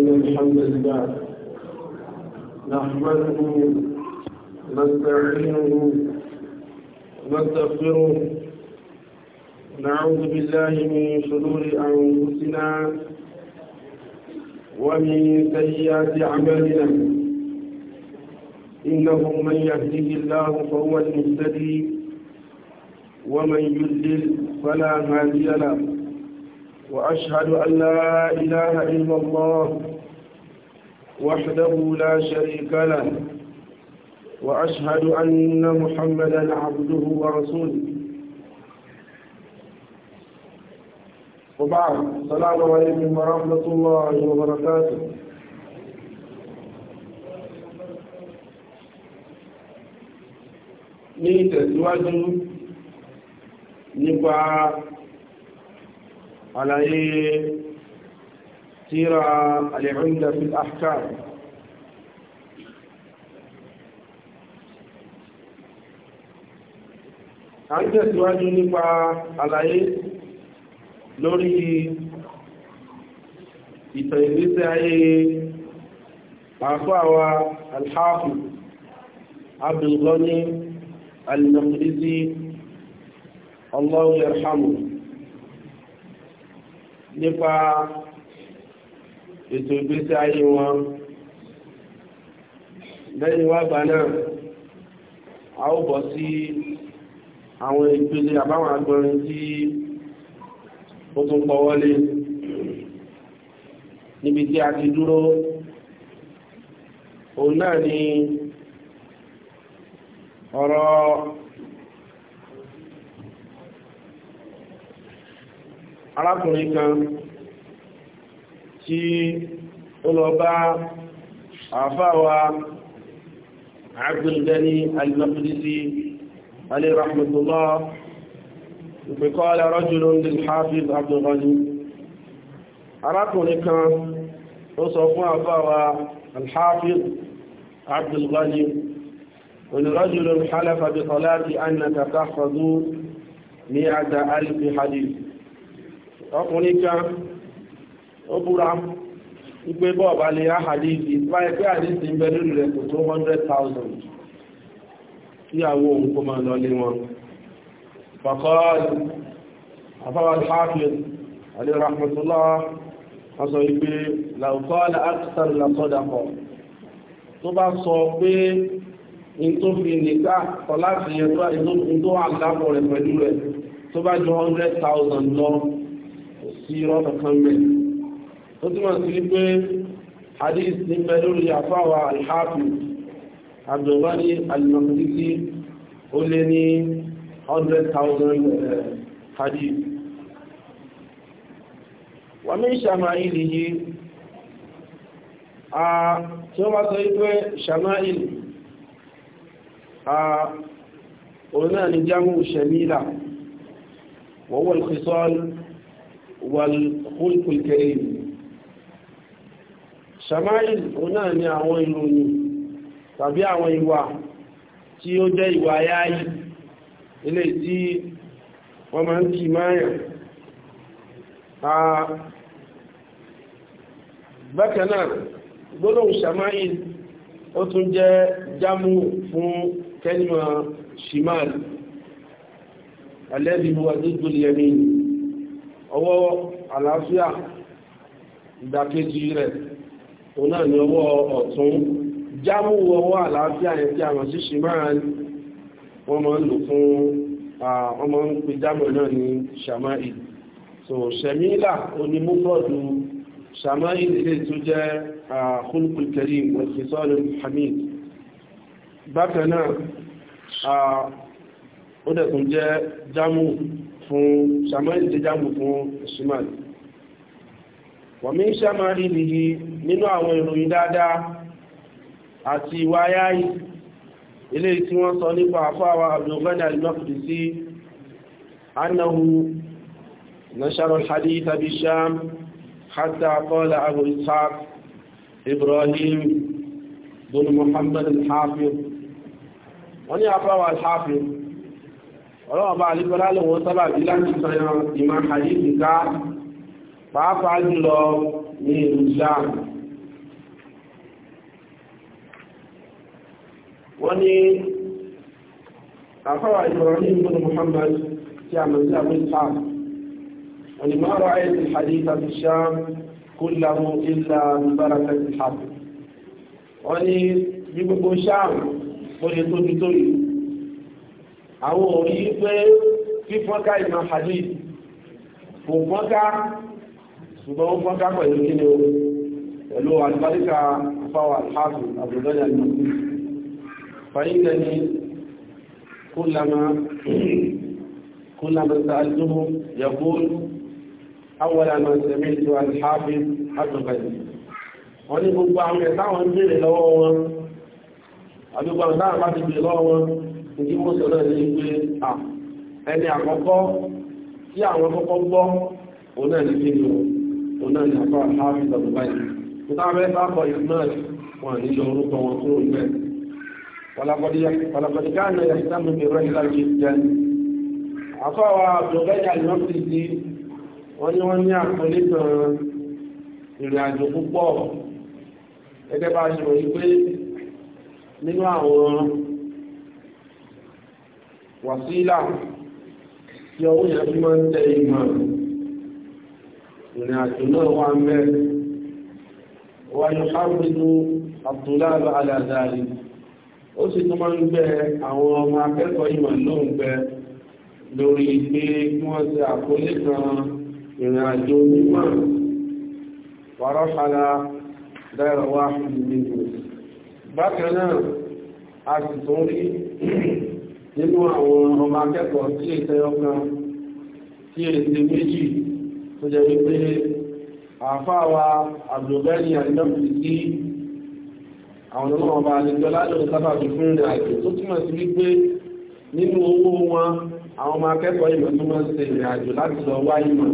إن الحمد لله نحمده نستعينه نستغفره نعوذ بالله من شرور أنفسنا ومن سيئات أعمالنا إنه من يهده الله فهو المهتدي ومن يضلل فلا هادي له وأشهد أن لا إله إلا الله وحده لا شريك له وأشهد أن محمدا عبده ورسوله وبعد السلام عليكم ورحمة الله وبركاته ní ìtẹ̀síwájú nípa àlàyé tíra al-Umda fi al-Ahkam a ń tẹ̀síwájú nípa àlàyé lórí ìtàn ìgbésẹ̀ ayé pàápàá wa al-Hafiz Abdul Ghani al-Maqdisi nípa ètò ìgbésí ayé wọn lẹ́yìn wá gbà náà a ó bọ̀ sí àwọn ìpele àbáwọn agbọrin tí ó tún pọ̀ wọlé níbi tí a ti dúró òun náà ni ọ̀rọ̀ arákùnrin kan tí ó lọ bá àfáwà Abdulgani al-Maqdisi alayhi rahmatullah ìpẹ̀kọ́lẹ̀ rajulun lil-Hafiz Abdulgani arákùnrin kan ó sọ fún àfáwà al-Hafiz Abdulgani ولرجل حلف بصلاة أنك تحفظ مئة ألف حديث ọkùnrin kan ó búra wípé bọ́ọ̀bá lè há àdíjì báyẹ pé àdíjì ń bẹ lórí rẹ̀ kò tó 100,000 kí àwọn òun kó máa lọ lé wọn fàkọ́ọ̀lù afáwà al-Hafiz alayhi rahmatullah wọ́n sọ wípé làùkọ́ọ̀lù akthar la sadaqa tó in tó fi nìká ọláti yẹn tó àlápọ̀ rẹ̀ pẹ̀lú rẹ̀ tó bá ju 100,000 lọ sí rọ́nà kan mẹ́ ó túnmọ̀ sí wípé hadith ní pẹ̀lú àfáwà alhafi abdulbani alimakudisi ó lé ní 100,000 eh, hadith wà ní ìṣàmà ilé yìí a tí ó bá sọ wípé ìṣàmà ilé a òun náà ni jámù shamila wọ́wọ́ ìfisọ́lù والخلق الكريم ṣàmáyìn هنا náà ni àwọn ìròyìn tàbí àwọn ìwà tí ó jẹ́ ìwà ayáyì ilé tí wọ́n máa ń kì máyà bákan náà gbólóhùn ṣàmáyìn ó tún jẹ́ jámù fún kẹ́lìmọ̀ ṣìmáàlì alẹ́bí wà ọwọ́ àlàáfíà ìdàkejì rẹ̀ òun náà ni ọwọ́ ọ̀tún jámù ọwọ́ àlàáfíà yẹn tí a mọ̀ sí ṣìmáàlì wọ́n máa ń lò fún ọmọ ń pe jámù náà ní ṣàmáì so ṣẹ̀mílà onímúfọ́dù ṣàmáì ilé tó jẹ́ khulqul karim hamid bákan náà ó dẹ̀ tún jẹ́ jámù fún samuel jẹjàmù fún usman wọ̀mí sàmárì nìyí nínú àwọn ìròyìn dáadáa àti ìwà ayáyí ilé tí wọ́n sọ nípa àfáwà abdulghani al-maqdisi annahu nashara al-hadith bi sham hatta qala abu ishaq ibrahim bin muhammad al-hafiz wọ́n ní àfáwà al-hafiz ọlọ́wọ́ bá alíkọ́lá lòun sábà bí láti sọ yan ìmọ̀ àyíkì ká pàápàá jùlọ ní ìlú sáà wọ́n ní àfáwà Ibrahim ibn Muhammad tí a mọ̀ sí àmì sáà wọ́n ni máa rọ àyíkì hadita fi sáà kúlàmù ìlà ìbárakà ti sáà wọ́n ní bí gbogbo sáà ó lè tóbi tóbi àwọn òrí pé fífọ́nká ìmọ̀ hadith kò fọ́nká ṣùgbọ́n ó fọ́nká pẹ̀lú kí ni o pẹ̀lú àlùbáríkà fáwọn àlùfáàfù àbùdọ́jà ìmọ̀ fàyíkẹ́ ni kúlàmà كلما سألته يقول أول ما سمعت الحافظ حفظ غيري wọ́n ní gbogbo àwọn ẹ̀sáwọn ń bèèrè lọ́wọ́ wọn àdúgbò ìdí mú sọ̀rọ̀ ní pé à ẹni àkọ́kọ́ tí àwọn kọ́kọ́ gbọ́ òun náà ní kíni òun náà ní àkọ́ àfáàfin lọ́dún báyìí nígbà bẹ́ẹ̀ bá kọ ìsúnáàlì wọn ní yọ orúkọ wọn kúrò níbẹ̀ pàlàpàdé káàná yà sáàmù mi rẹ̀ nílá yìí jẹ́ àkọ́wà àbùgbẹ́yà ìrántí wọ́n ní wọ́n ní àkọlé kan ìrìn àjò púpọ̀ gẹ́gẹ́ bá ṣe wọ̀nyí pé nínú àwọn wàsílà tí ọwọ́ yẹn fi máa ń tẹ ìmọ̀ ìrìn àjò náà wà ń bẹ́ wà ní sáàbùdó àtúláàbà aláàdáàrí ó sì tó máa ń gbẹ àwọn ọmọ akẹ́kọ̀ọ́ ìmọ̀ ló ń gbẹ lórí pé kí wọ́n ṣe àkólé kan ìrìn àjò mímọ̀ wàrọ́fàlà dáìrọ̀wá bákan náà a sì tún rí nínú àwọn ọmọ akẹ́kọ̀ọ́ tí èsẹ ọkàn tí èsẹ méjì tó jẹ́ wípé àfáàwà àbdùbẹ́ni àdínlọ́pìtì àwọn ọmọ ọba àlejò lálẹ́ sábà fi fún ìrìn àjò tó túmọ̀ sí wípé nínú owó wọn àwọn ọmọ akẹ́kọ̀ọ́ ìmọ̀ tó máa ń ṣe ìrìn àjò láti lọ wá ìmọ̀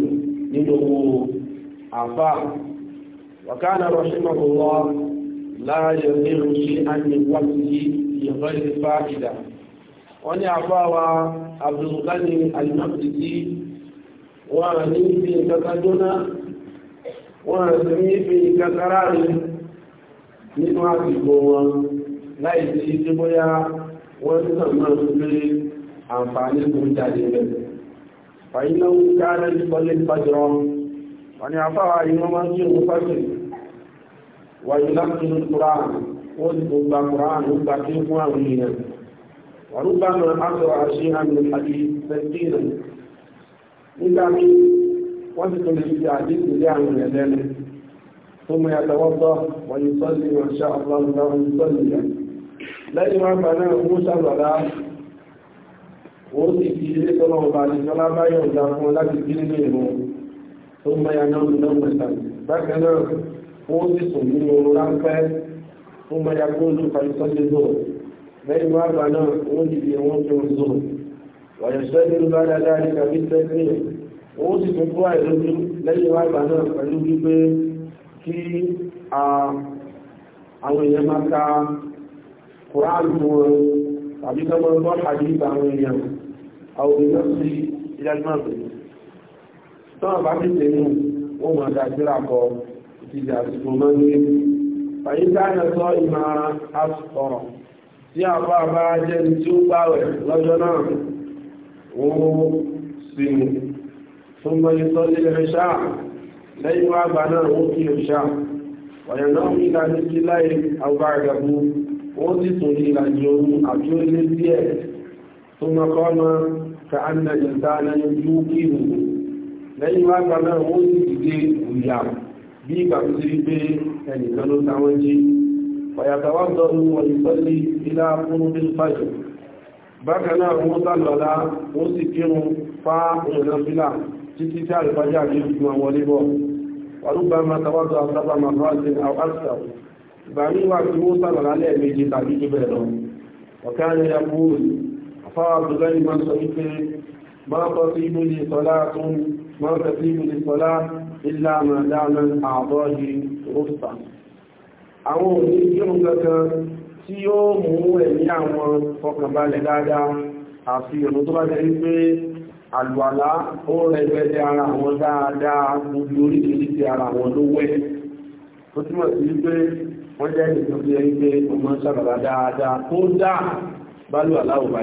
nínú owó àfà wàkánà rọ̀ṣímọ̀ lọ láàyè nínú sí àmì wákìí ìrọ̀ ìfáàdà wọ́n ní àbáwa abdulgani alimabdisi wọ́n à ní ibi ìkàkà jóná wọ́n à sí ní ibi ìkàkà ráàrin nínú àsìkò wọn láì sí tí bóyá wọ́n ti sàn máa ń gbé àǹfààní tó ń jáde rẹ̀ fàyínà ń kára ní kọ́lé fàjọ́ wọ́n ní àbáwa iná máa ń jẹun fàjọ́ wàyí láti ní ó fún àwọn èèyàn وربما أقرأ شيئا من الحديث تسجيلا إلا من وفق الاستعداد لعمل ذلك ثم يتوضأ ويصلي ما شاء الله له يصلي lẹ́yìn máa bá náà mú sàbàdá ó sì fi ilé tọ́lọ ọba àdìsọ́lá báyọ̀ ìjà fún láti bí nínú ìmọ̀ tó mẹ́ya náà lọ mẹ́ta bákan náà lẹ́yìn wá gbà náà wọ́n dìde wọ́n tó ń zò wàyẹ̀ sẹ́yìn bá dáadáa ní kàbí sẹ́yìn wọ́n sì tún kó àìlójú lẹ́yìn wá gbà náà pẹ̀lú wípé kí àwọn èèyàn máa ka kùránù wọn tàbí kọ́mọ bọ́ àdìgbà àwọn èèyàn àwọn èèyàn sí ìdájọ́ àgbẹ̀yìn tọ́nà bá fi tẹ̀yìn wọ́n máa dájúra kọ ìdíjà àti ìfòmọ́ ní fàyíká náà tí àbá bá jẹ́ ní tí ó gbáwẹ̀ lọ́jọ́ náà wọ́n sì fún mọ́lẹ̀ sọ́lẹ̀ ẹ̀ṣà lẹ́yìn wá gbà náà wọ́n kí ẹ̀ṣà ọ̀yẹ̀ náà ní ìlànà sí láì àgbàgbàgbù wọ́n sì tún ní ìlànà ohun àti ó lé díẹ̀ tó mọ́kọ́ mọ́ ka an na ìta na yóò kí ìhù lẹ́yìn wá gbà náà wọ́n sì dìde ìyà bí ìgbà tó ti rí pé ẹnìkan ló táwọn jí ويتوضأ ويصلي إلى قرب الفجر bákan náà wọ́n sàlọ́lá ó sì kírun fá ìrìnàfílà títí tí àrífàjá ní ìlú àwọn olébọ̀ ọdúgbà máa tàwátà àtàbà mafrazin al-aqsa ìgbà níwà tí wọ́n sàlọ́lá lẹ́ẹ̀mejì tàbí jù bẹ̀rẹ̀ lọ ọ̀kan ya kúrò afáwà abdullahi máa àwọn òní kírun kankan tí yóò mú ẹ̀mí àwọn fọkànbalẹ̀ dáadáa àfi ọ̀nà tó bá jẹ́ wípé àlùwàlá ó rẹ̀gbẹ̀dẹ̀ ara wọn dáadáa gbogbo oríkèríkè ara wọn ló wẹ̀ ó túmọ̀ sí wípé wọ́n jẹ́ ìdíkan tó yẹ wípé ọmọ sábàbà dáadáa tó dá bálùwàlá ò bá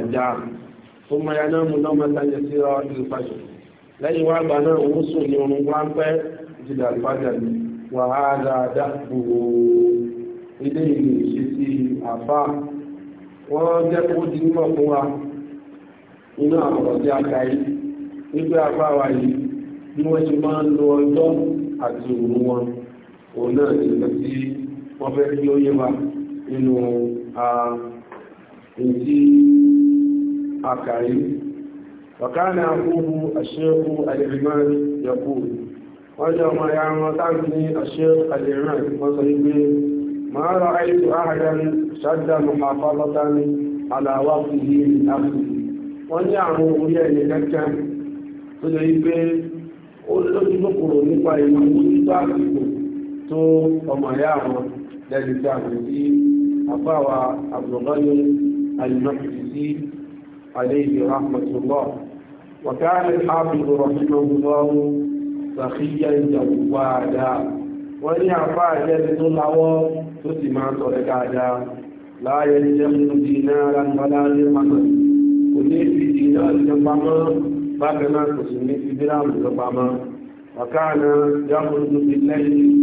ilé ìlú ìṣesí àfá wọ́n jẹ́ kó di mímọ̀ fún wa nínú àmọ̀rọ̀ tí a ka yìí nígbé àfá wa yìí bí wọ́n ṣe máa ń lo ọjọ́ àti òru wọn òun náà ní ìgbà tí wọ́n fẹ́ kí ó yé wa nínú èyí àkà yìí وكان أخوه الشيخ الإمام يقول وجمع يعمل تعني الشيخ الإمام وصيبه ما رأيت أحدا شد محافظة على وقته من أخذه wọ́n ní àwọn orí ẹ̀yẹ kankan tó lè pé ó lójú kòkòrò nípa ìlú nípa àsìkò tó ọmọ ìyá àwọn lẹ́nu tí a kò sí àbáwa àbùrọ̀gánú alimọ́kìtì sí alayhi rahmatullah وكان الحافظ رحمه الله سخيا جوادا wọ́n ní àfáà jẹ́ tó láwọ́ tó sì máa tọrẹ dáadáa láàyè jẹ́ mú dínà ránbálá ní mọ́nà kò ní fi dínà ìjọpamọ́ bákan náà kò sì ní fi dírámù ìjọpamọ́ wàkánà jámùrùdù bí lẹ́yìn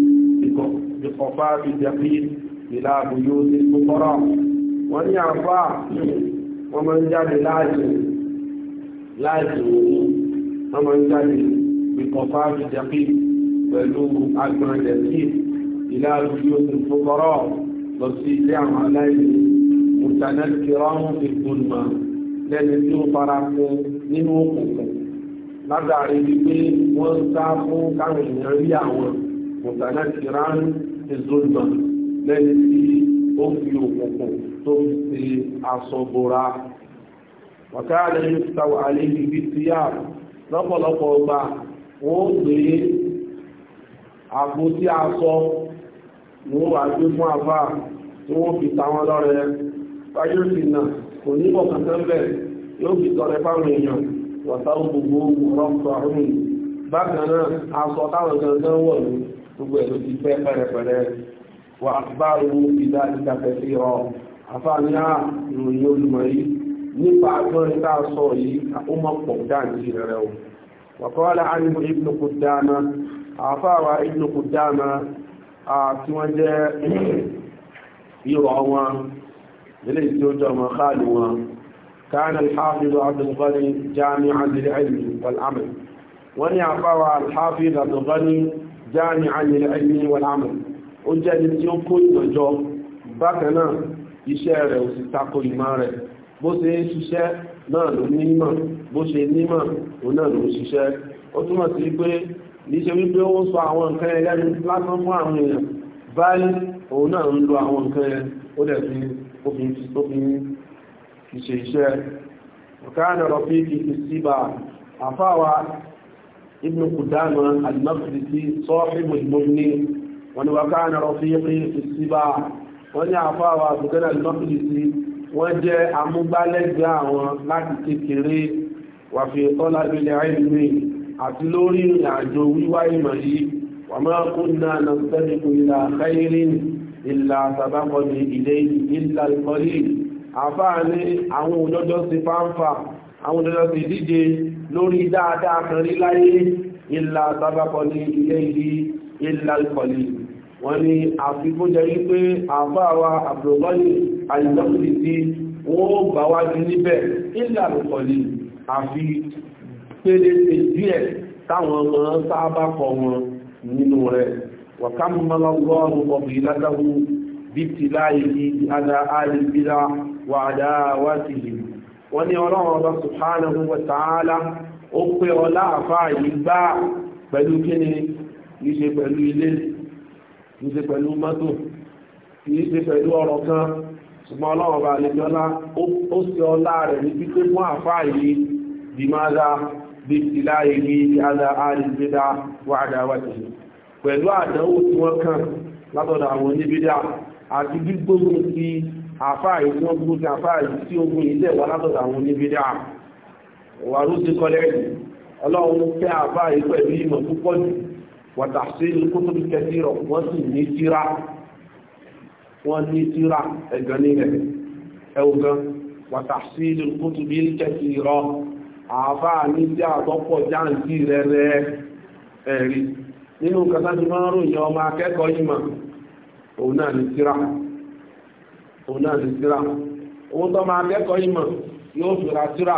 ìkọ̀fà bí jẹ́pí ìlà àbúyó sí púpọ̀rọ̀ wọ́n ní àfá wọ́n máa ń jáde láàjù wọ́n máa ń jáde ìkọ̀fà bí pẹ̀lú agbọ̀n jẹ́pí إلى بيوت الفقراء لصيدي عن عليه متنكرا في الظلمة لأن يوفر من وقوفه látàrí wípé wọ́n sá fún káwọn èèyàn rí àwọn mọ̀tàlá ti rán ìzọ́nà lẹ́yìn tí ó fi òkùnkùn tó fi aṣọ bora wàtàlá yóò tàwà àlejò ibi tí yà lọ́pọ̀lọpọ̀ ọgbà wọ́n gbé àpótí aṣọ ni wọ́n wà gbé fún àfá tí wọ́n fi ta wọn lọ́rẹ̀ fáyọ́sì náà kò ní ọ̀kan tẹ́lẹ̀ yóò fi tọrẹ fáwọn èèyàn wọ̀tá gbogbo rọ́pọ̀ àrùn bákan náà aṣọ táwọn gangan wọ̀ ní gbogbo ẹ̀ ló ti fẹ́ pẹ̀rẹ̀pẹ̀rẹ̀ wà bá ru ìdá ìdàpẹ̀ sí ọ àfá nípa agbọ́nrin tá sọ yìí ó pọ̀ dáàjì rẹ̀ o wàkọ́lá ánìmọ̀ ibùdókò dáná àfáwà ibùdókò dáná tí wọ́n jẹ́ ìrọ̀ wọn ilé tí ó jọ ọmọ káàlù wọn كان الحافظ عبد الغني جامعا للعلم والعمل وني عفوا الحافظ عبد الغني جامعا للعلم والعمل وجد يوكو يجو بكنا يشارع وستاكو يمارع bó ṣe ń ṣiṣẹ́ náà ló nímọ̀ bó ṣe nímọ̀ òun náà ló ń ṣiṣẹ́ ó túmọ̀ sí pé níṣẹ́ wípé ó sọ àwọn nǹkan ẹlẹ́nu lásán fún àwọn èèyàn báyìí òun náà ń lo àwọn nǹkan ẹ ó dẹ̀ fi òfin fi ṣe iṣẹ́ ọ̀káàdà rọ̀fí kì í sí bá àfáwà ibn Qudama al-Maqdisi sọ́ọ̀fíìmù ìmúni wọn ni wàkáàdà rọ̀fí kì í sí bá wọ́n ní àfáwà àbùkẹ́lẹ̀ al-Maqdisi wọ́n jẹ́ amúgbálẹ́gbẹ̀ẹ́ àwọn láti kékeré wàfíìtọ́lá ilẹ̀ àìlú àti lórí ìrìn àjò wíwá ìmọ̀ yìí wà máa kún náà na sẹ́dìkù ìlà khairin ìlà sàbákọ̀ ní ilé ìlà ìkọlì àfáà ní àwọn òjọ́jọ́ sí fáńfà àwọn òjọ́jọ́ sí díje lórí dáadáa kan rí láyé ìlà sàbákọ̀ ní ilé ìlà ìkọlì wọ́n ní àfikún jẹ́ wípé àfáà wa àbúrògbọ́nì àìsàn péréte díẹ̀ táwọn ọmọ sábà kọ wọn nínú rẹ̀ wàkàmọ́lọ́gọ́rù ọ̀bì látàwù bí ti láyé di adá àìbíra wà dá wá sí yìí wọ́n ní ọlọ́run ọba subhanahu wa ta'ala ó pé ọlá àfáà yìí gbá pẹ̀lú kíni kìí ṣe pẹ̀lú ilé kìí ṣe pẹ̀lú mọ́tò kìí ṣe pẹ̀lú ọ̀rọ̀ kan ṣùgbọ́n ọlọ́run ọba àlejò ó ṣe ọlá rẹ̀ ní pípé fún àfáà yìí bí bíbíláìrí aláàrínbídá wà àdáwàtí pẹ̀lú àdánwò tí wọ́n kàn látọ̀dọ̀ àwọn oníbídá àti gbígbógun ti àfáàrí tí wọ́n gbógun ti àfáàrí tí ogun ilẹ̀ wà látọ̀dọ̀ àwọn oníbídá wà rúti kọlẹ́rì ọlọ́run fẹ́ àfáàrí pẹ̀lú ìmọ̀ púpọ̀ jù wàtà sí kótóbi kẹsìrọ̀ wọ́n sì ní tíra àbá ní bí àtọ́pọ̀ jáǹtì rẹ̀rẹ̀ ẹ̀rí nínú nǹkan láti máa ròyìn ọmọ akẹ́kọ̀ọ́ ìmọ̀ òun náà ní tíra òun náà ní tíra owó tó máa akẹ́kọ̀ọ́ ìmọ̀ yóò fi ra tíra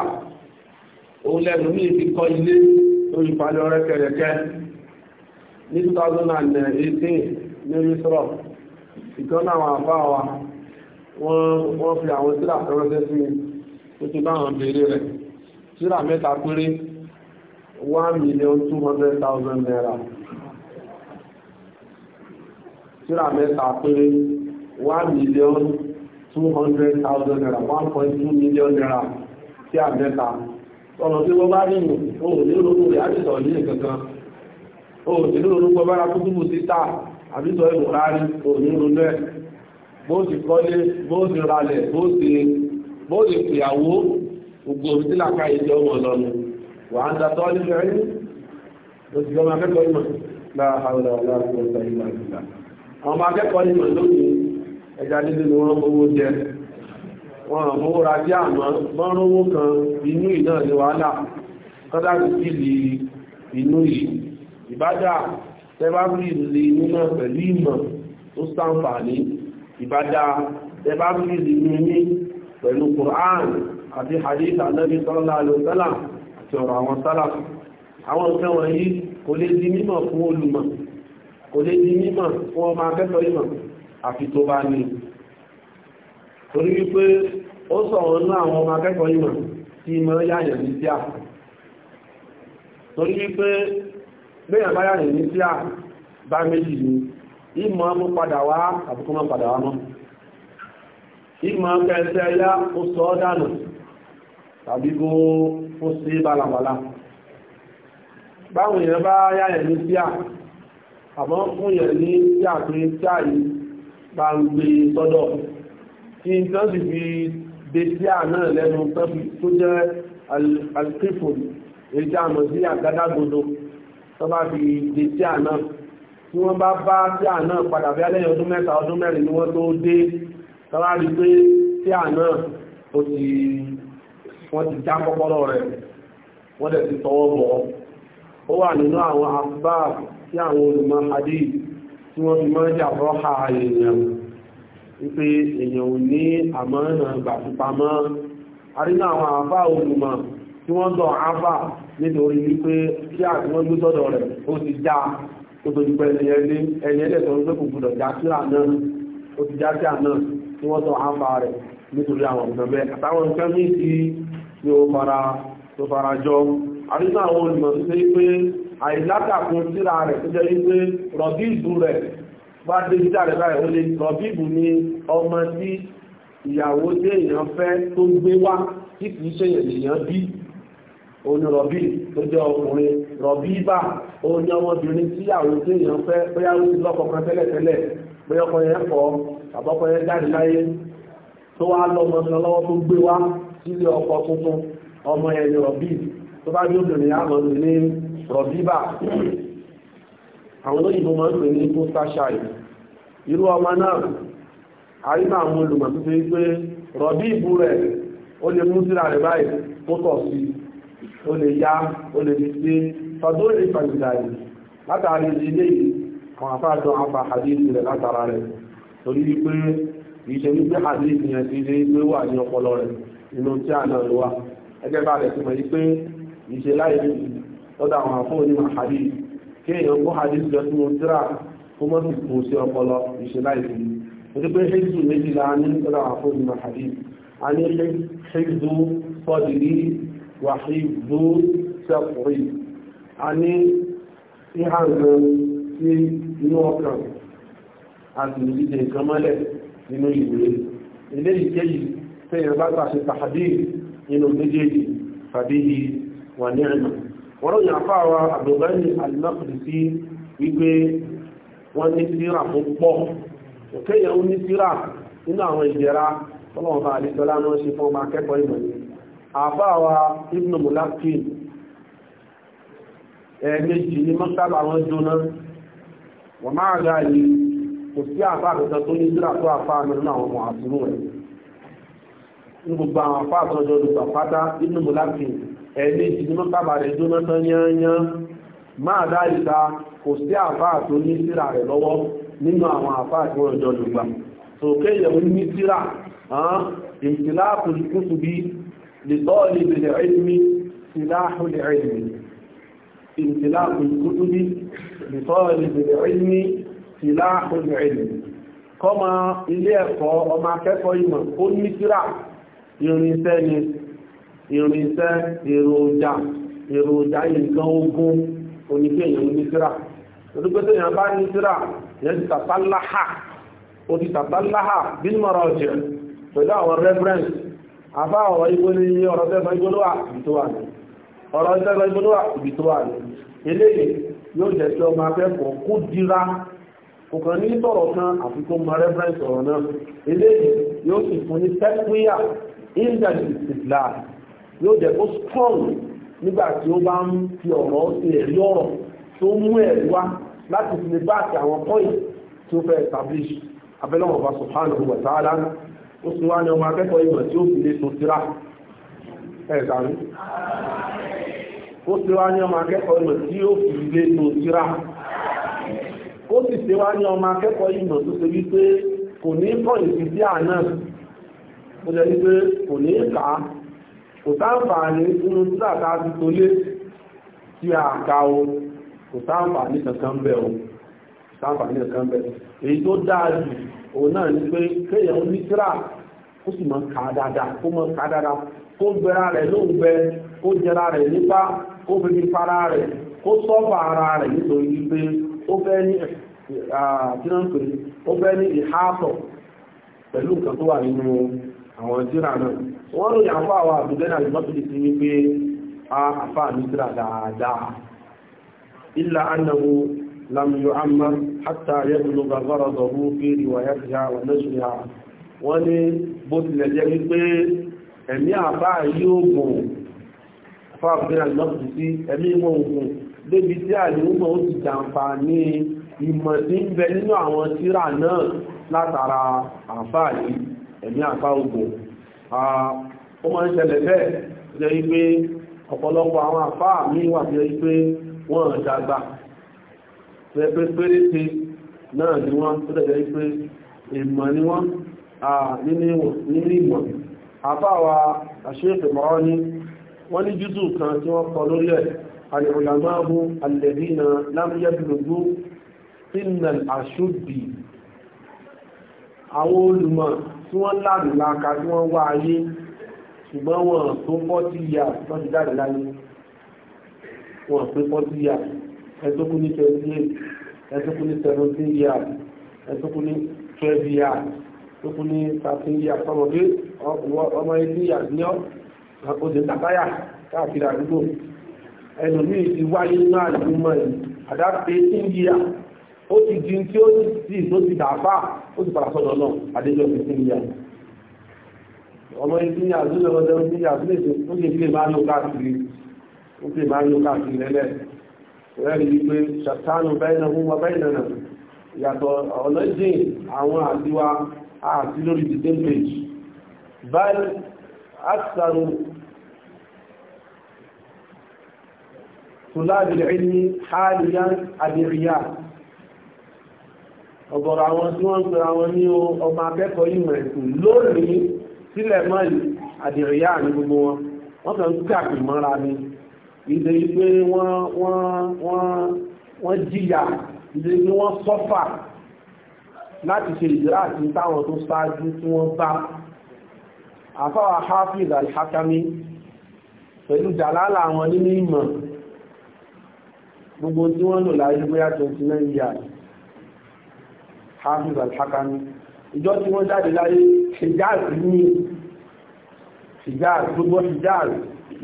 òun lẹ́nu ní ìfi kọ́ ilé lórí ìpàdé ọ̀rẹ́ kẹrẹkẹ ní 2018 ní mísírọ̀ ìkan àwọn àbá wa wọ́n fi àwọn tíra kan sí mi ó ti bá àwọn béèrè rẹ̀ tíra mẹ́ta péré one million two hundred thousand naira tíra mẹ́ta péré one million two hundred thousand naira one point two million naira tí a mẹ́ta ọ̀nà tí wọ́n bá rí ohun nílò orúkọ rẹ̀ àdìsọ̀ ní ìkankan ohun nílò orúkọ bára kútùbù títà àbísọ̀ ìmúrárí ohun nílò náà bó ti kọ́lé bó ti ralẹ̀ bó ti pìyàwó gbogbo orí tí làkà yìí jẹ́ ọmọ lọ́nu wà á ń da tọ́lú fẹ́rẹ́ ló ti lọ́mọ akẹ́kọ̀ọ́ ìmọ̀ láàárọ̀ aláàbò ọ̀sẹ̀ ìgbà ìgbà àwọn ọmọ akẹ́kọ̀ọ́ ìmọ̀ lónìí ẹja inú pẹ̀lú ìmọ̀ àti hadith Ànábì sallallahu alaihi wasallam àti ọ̀rọ̀ àwọn sálà àwọn nǹkan wọ̀nyí kò lè di mímọ̀ fún olùmọ̀ kò lè di mímọ̀ fún ọmọ akẹ́kọ̀ọ́ ìmọ̀ àfi tó bá ní torí wípé ó sọ̀rọ̀ ní àwọn ọmọ akẹ́kọ̀ọ́ ìmọ̀ tí mọ́ yáyàn ní sí ó sọ ọ́ tàbí kó fún sí bálabàlá báwọn èèyàn bá yáyẹ̀ ní tíà àmọ́ fún yẹ̀ ní tíà pé tíà yìí bá ń gbé sọ́dọ̀ kí n tán sì fi dé tíà náà lẹ́nu tó jẹ́ alkifon èyí tí a mọ̀ sí àgádágodo tó bá fi dé tíà náà tí wọ́n bá bá tí à náà padà bí alẹ́yìn ọdún mẹ́ta ọdún mẹ́rin ni wọ́n tó dé tọ́wárí pé tí à náà ó ti wọ́n ti já kọ́kọ́rọ́ rẹ̀ wọ́n dẹ̀ ti tọwọ́ bọ̀ ó wà nínú àwọn asbáà tí àwọn olùmọ̀ adé tí wọ́n fi máa jà bọ́ ha èèyàn wípé èèyàn ò ní àmọ́ràn gbà pípamọ́ arínà àwọn àfà olùmọ̀ tí wọ́n dọ̀ nítorí wípé tí àwọn rẹ̀ ó ti já ó tó dúpẹ́ ẹ̀yẹ ní ti nítorí àwọn ọ̀nà bẹ́ẹ̀ àtàwọn nǹkan ní ti ní ó fara tó fara jọ àríṣà àwọn olùmọ̀ tó ṣe pé àìlátàkùn síra rẹ̀ tó jẹ́ wípé rọ̀bí ìbù rẹ̀ bá dé ìjà rẹ̀ báyìí ó lè rọ̀bí ni ọmọ tí ìyàwó tí èèyàn fẹ́ tó gbé wá tí kìí ṣe èèyàn bí oní rọ̀bí tó jẹ́ ọkùnrin rọ̀bí bá oní ọmọbìnrin tí ìyàwó tí èèyàn fẹ́ bóyá ó ti lọ́kọ̀ọ́kan tẹ́lẹ̀tẹ́lẹ̀ bóyá ọkọ̀ yẹn kọ́ àbọ́kọ̀ yẹn jáde láyé tó wá lọ ní ọlọ́wọ́ tó gbé wá sílé tuntun ọmọ ẹni rọ̀bí tó bá jẹ́ obìnrin àmọ́ ní rọ̀bíbà àwọn olóyìnbó máa ń pè ní postashai irú ọmọ náà àríbà àwọn olùmọ̀ fi pé rọ̀bí ìbú rẹ̀ ó lè mú síra rẹ̀ báyìí tó tọ̀ sí ó lè yá ìṣe wípé àdéhùn yẹn ti rí pé wà ní ọpọlọ rẹ̀ inú tí a náà lọ wa ẹgbẹ́ bá rẹ̀ ti mọ̀ yí pé ìṣe láì rí lọ́dọ̀ àwọn àfọ́ onímọ̀ àdí kí èèyàn kó àdí jọ sí mo tíra kó mọ́ sì kù sí ọpọlọ ìṣe láì rí nítorí pé hezú méjì la ní lọ́dọ̀ àwọn àfọ́ onímọ̀ àdí a ní hezú fọ́dìrí wàhíbú sẹ́kùrì a ní ìhàǹkan sí inú ọkàn àti ìdíje nǹkan mọ́lẹ̀ nínú ìwé eléyìí kéyìí tẹ́yìn bá gbà ṣe tàhàdí nínú méjèèjì tàbí wà ní ẹ̀nà wọ́n yà fáwa àbúgbẹ́ni al-Maqdisi wípé wọ́n ní síra tó pọ̀ òkèèyàn ó ní síra nínú àwọn ìjẹra tọ́lọ́wọ́n bá àdìsọ́lá náà ṣe fún ọmọ akẹ́kọ̀ọ́ ìmọ̀ yìí àfáwa Ibn Mulakin ẹ̀ẹ̀mejì ní mọ́tàbà wọn jóná wọ́n máa gáyìí kò sí àfá àkẹta tó ní sílà tó àfá nínú àwọn ọmọ àtúrú rẹ̀ ní gbogbo àwọn àfá àtọ́jọ́ lùgbà pátá inú mú láti ẹni tí ní mọ́tàbà rẹ̀ jóná tán yányán máa dá ìta kò sí àfá tó ní sílà rẹ̀ lọ́wọ́ nínú àwọn àfá tí wọ́n jọ lùgbà tó kéèyàn ó ní sílà ìtìlá kùsù bí lè tọ́ọ̀lì bèèrè ẹ̀mí ìtìlá kùsù bí lè tọ́ọ̀lì ẹ̀mí sílá olùrẹ̀lẹ̀ kọ́mọ ilé ẹ̀kọ́ ọmọ akẹ́kọ̀ọ́ ìmọ̀ ó ní síra irinṣẹ́ ni irinṣẹ́ èròjà èròjà nǹkan ogun oníkéèyàn ní síra olùgbẹ́sẹ̀ yẹn bá ní síra yẹn ti tàbáláhà ó ti tàbáláhà bí mọ̀rọ̀ ọ̀jẹ̀ pẹ̀lú àwọn reverence àbá ọ̀rọ̀ igbó ní iye ọ̀rọ̀ tẹ́sọ igbólówà ibi tó wà ní ọ̀rọ̀ tẹ́sọ igbólówà ibi tó wà ní òkàn ní sọ̀rọ̀ kan àfikún mọ rẹ́fẹ́rẹ́nsì ọ̀rọ̀ náà eléyìí yóò sì fún ní tẹ́kúyà indẹ́lì ìsìlá yóò jẹ́ kó strong nígbà tí ó bá ń fi ọ̀rọ̀ ṣe ẹ̀rí ọ̀rọ̀ tó mú ẹ̀rí wá láti fi bá àti àwọn point tí ó fẹ́ establish abẹ́lẹ́wọ̀n bá subhanahu wa ta'ala ó sì wá ní ọmọ akẹ́kọ̀ọ́ ìmọ̀ tí ó fi lè so síra ẹ̀ẹ̀kàrí ó sì wá ní ọmọ akẹ́kọ̀ọ́ ìmọ̀ tí ó fi lè so síra ó sì ṣe wá ní ọmọ akẹ́kọ̀ọ́ ìmọ̀ tó ṣe wípé kò ní kọ́ ìfisí àná ó jẹ́ wípé kò ní kà á kò sáǹfààní nínú títà tá a ti tolé tí a ka o kò sáǹfààní kankan bẹ́ẹ̀ o sáǹfààní kankan bẹ́ẹ̀ èyí tó dáa jù òun náà ni pé kéèyàn ní tíra kó sì mọ̀ ká dáadáa kó mọ̀ ká dáadáa kó gbẹra rẹ̀ ló ń gbẹ kó jẹra rẹ̀ nípa kó fi fara rẹ̀ kó sọ́ọ̀bà ara rẹ̀ nítorí wípé ó fẹ́ ní tíráǹpé ó fẹ́ ní ìháàtọ̀ pẹ̀lú nǹkan tó wà nínú àwọn tíra náà wọ́n lóye àfọ́ àwọn àbúgbẹ́ náà lọ́tùlì sí wípé àfà mi tíra dáadáa ilà annahu lam yu'ammar hatta yablugha gharadahu fi riwayatiha wa nashriha wọ́n ní bó tilẹ̀ jẹ́ wípé ẹ̀mí àbá yóò gùn àfà àbúgbẹ́ náà lọ́tùlì débi tí àlúmọ̀ ó ti jàǹfà ní ìmọ̀ tí ń bẹ nínú àwọn tírà náà látara àfáà yìí ẹ̀mí àfá ogun ó máa ń ṣẹlẹ̀ bẹ́ẹ̀ jẹ́ wípé ọ̀pọ̀lọpọ̀ àwọn àfáà mi wà jẹ́ wípé wọ́n dàgbà jẹ́ pé péréte náà ni wọ́n tó dẹ̀ jẹ́ wípé ìmọ̀ ni wọ́n nínú ìmọ̀ àfáà wa àṣírí ìfẹ̀mọ́rọ́ ní wọ́n ní jùsù kan tí wọ́n kọ lórí ẹ̀ العلماء الذين لم يبلغوا سن الأشد àwọn olùmọ̀ tí wọ́n lárìláka tí wọ́n wá ayé ṣùgbọ́n wọn tó pọ́ tí yà wọ́n ti dáre láyé wọn pé pọ́ tí yà ẹ̀tọ́kú ní 28 ẹ̀tọ́kú ní 17 yà ẹ̀tọ́kú 12 yà ẹ̀tọ́kú 13 yà ẹlòmí ti wáyé náà ìgbìmọ̀ ẹ̀ àdápé india ó ti di tí ó sì tó ti dàáfà ó ti padà sọ́dọ̀ náà adéjọ́ ti india ọmọ india àdúgbò ọmọdé india ó lè fi máa lò káàkiri ó fi máa lò káàkiri lẹ́lẹ̀ rẹ́rìí wípé ṣàtánù bẹ́ẹ̀nà fún wa bẹ́ẹ̀nà nà ìyàtọ̀ ọlọ́jìn àwọn àtiwá àti lórí the same page báyìí àti طلاب العلم حاليا الرياض ọ̀gọ̀rọ̀ àwọn tí wọ́n ń pẹ̀rọ àwọn ní ọmọ akẹ́kọ̀ọ́ ìmọ̀ ẹ̀kùn lónìí sílẹ̀ mọ́ àdìríyà ní gbogbo wọn wọ́n kàn ń kàpì mọ́ra ni ìdè pé wọ́n jìyà ìdè pé wọ́n sọ́fà láti ṣe ìdíra àti táwọn tó ṣáájú tí wọ́n bá àfáwà hafiz al-hakami pẹ̀lú jàlálà àwọn nínú ìmọ̀ gbogbo tí wọ́n lò láyé bóyá 29 years hafiz al-hakami ìjọ tí wọ́n jáde láyé hijaz ní hijaz gbogbo hijaz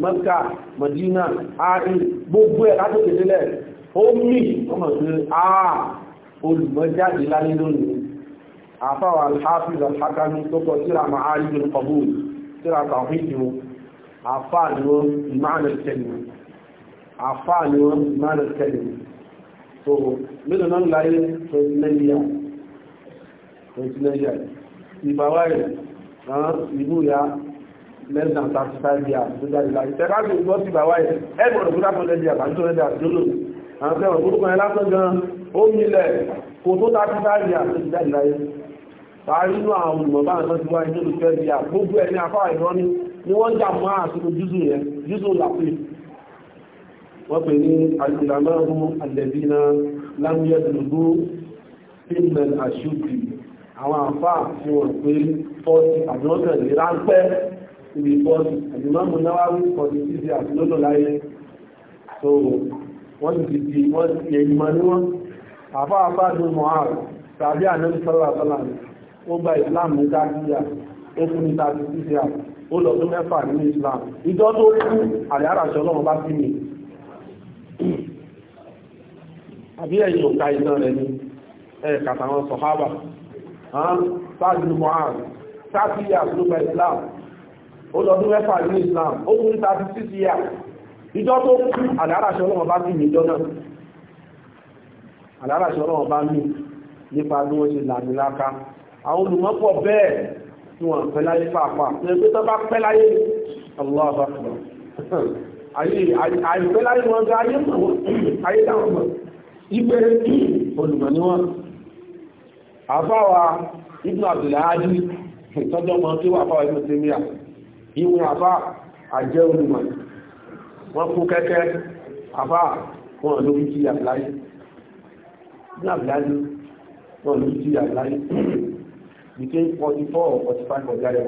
mẹ́kà madina ari gbogbo ẹ̀ látòkè sílẹ̀ ó mì ọmọ sí àà olùmọ́jáde láyé lónìí àfáwà al-hafiz al-hakami tó kọ síra ma'ari bin qabul síra tàwọn ìdíwọ̀n àfáà ni wọ́n ìmáàlẹ̀ tẹ̀lé àfáà ni wọ́n mọ́nà tẹ́lẹ̀ so mélòó náà láyé 29 years 29 years ìbáwá rẹ̀ ìlú ya less than 35 years tó jáde láyé tẹ́lá ti gbọ́ sí ìbáwá rẹ̀ ẹgbọ̀n tó dákọ̀ lẹ́dí àbájọ́ lẹ́dí àjọ́lò àwọn fẹ́ràn orúkọ ẹ̀ lásán gan ó nílẹ̀ kò tó 35 years tó jáde láyé parí inú àwọn olùmọ̀bá àwọn ti wá inú olùfẹ́ bí i àgbógbó ẹni afáà ìrọ́ni ni wọ́n jà máa àsìkò jùzù yẹn jùzù làpín wọ́n pè ní alìlàmáhù alẹ́bínà lámúyẹ́dùnúgbó pínlẹ̀ àṣùkì àwọn àfáà tí wọ́n pé fọ́ọ̀tì àjọ́kẹ̀ ní ráńpẹ́ ibi fọ́ọ̀tì àjùmọ́mù náwáwí fọ́ọ̀tì síbi àti lọ́nà láyé so wọ́n ti di wọ́n ti ẹ̀yìn mọ́ ní wọ́n àfáà fáàdù mohamed tàbí ànábì sọ́lá sọ́lá ó gba ìsìláàmù ní dákíyà ó fún ní tàbí síbi ó lọ tó mẹ́fà nínú ìsìláàmù ìjọ tó kú àríyáràṣọ́ lọ́wọ́ bá sí mi àbí ẹ̀yìn òkà iná rẹ̀ ni ẹ̀ẹ̀kàtà wọn sọ̀hábà sáàdì mohan sáàdì àtúgbà islam ó lọ́dún mẹ́fà ní islam ó kú níta sí sí síyà ìjọ tó kú àdáraṣẹ́ ọlọ́wọ́ bá ní ìjọ náà àdáraṣẹ́ ọlọ́wọ́ bá ní nípa bí wọ́n ṣe làmì láká àwọn olùmọ́pọ̀ bẹ́ẹ̀ tí wọ́n pẹ́ láyé pàápàá àìpẹ́ láyé wọn gbé ayé mọ̀ wọn ayé dáwọn mọ̀ ipe olùmọ̀ ni wọn àfáwa ibùn àbìláàdì ìtọ́jọ́ mọ́ tí wà fáwa ibùn tèmíà ìwọ̀n àfá àjẹ́ olùmọ̀ wọ́n fún kẹ́kẹ́ àfá wọn lórí tí àbìláyé ní àbìláyé wọn lórí tí àbìláyé between 44 or 45 ọ̀gá rẹ̀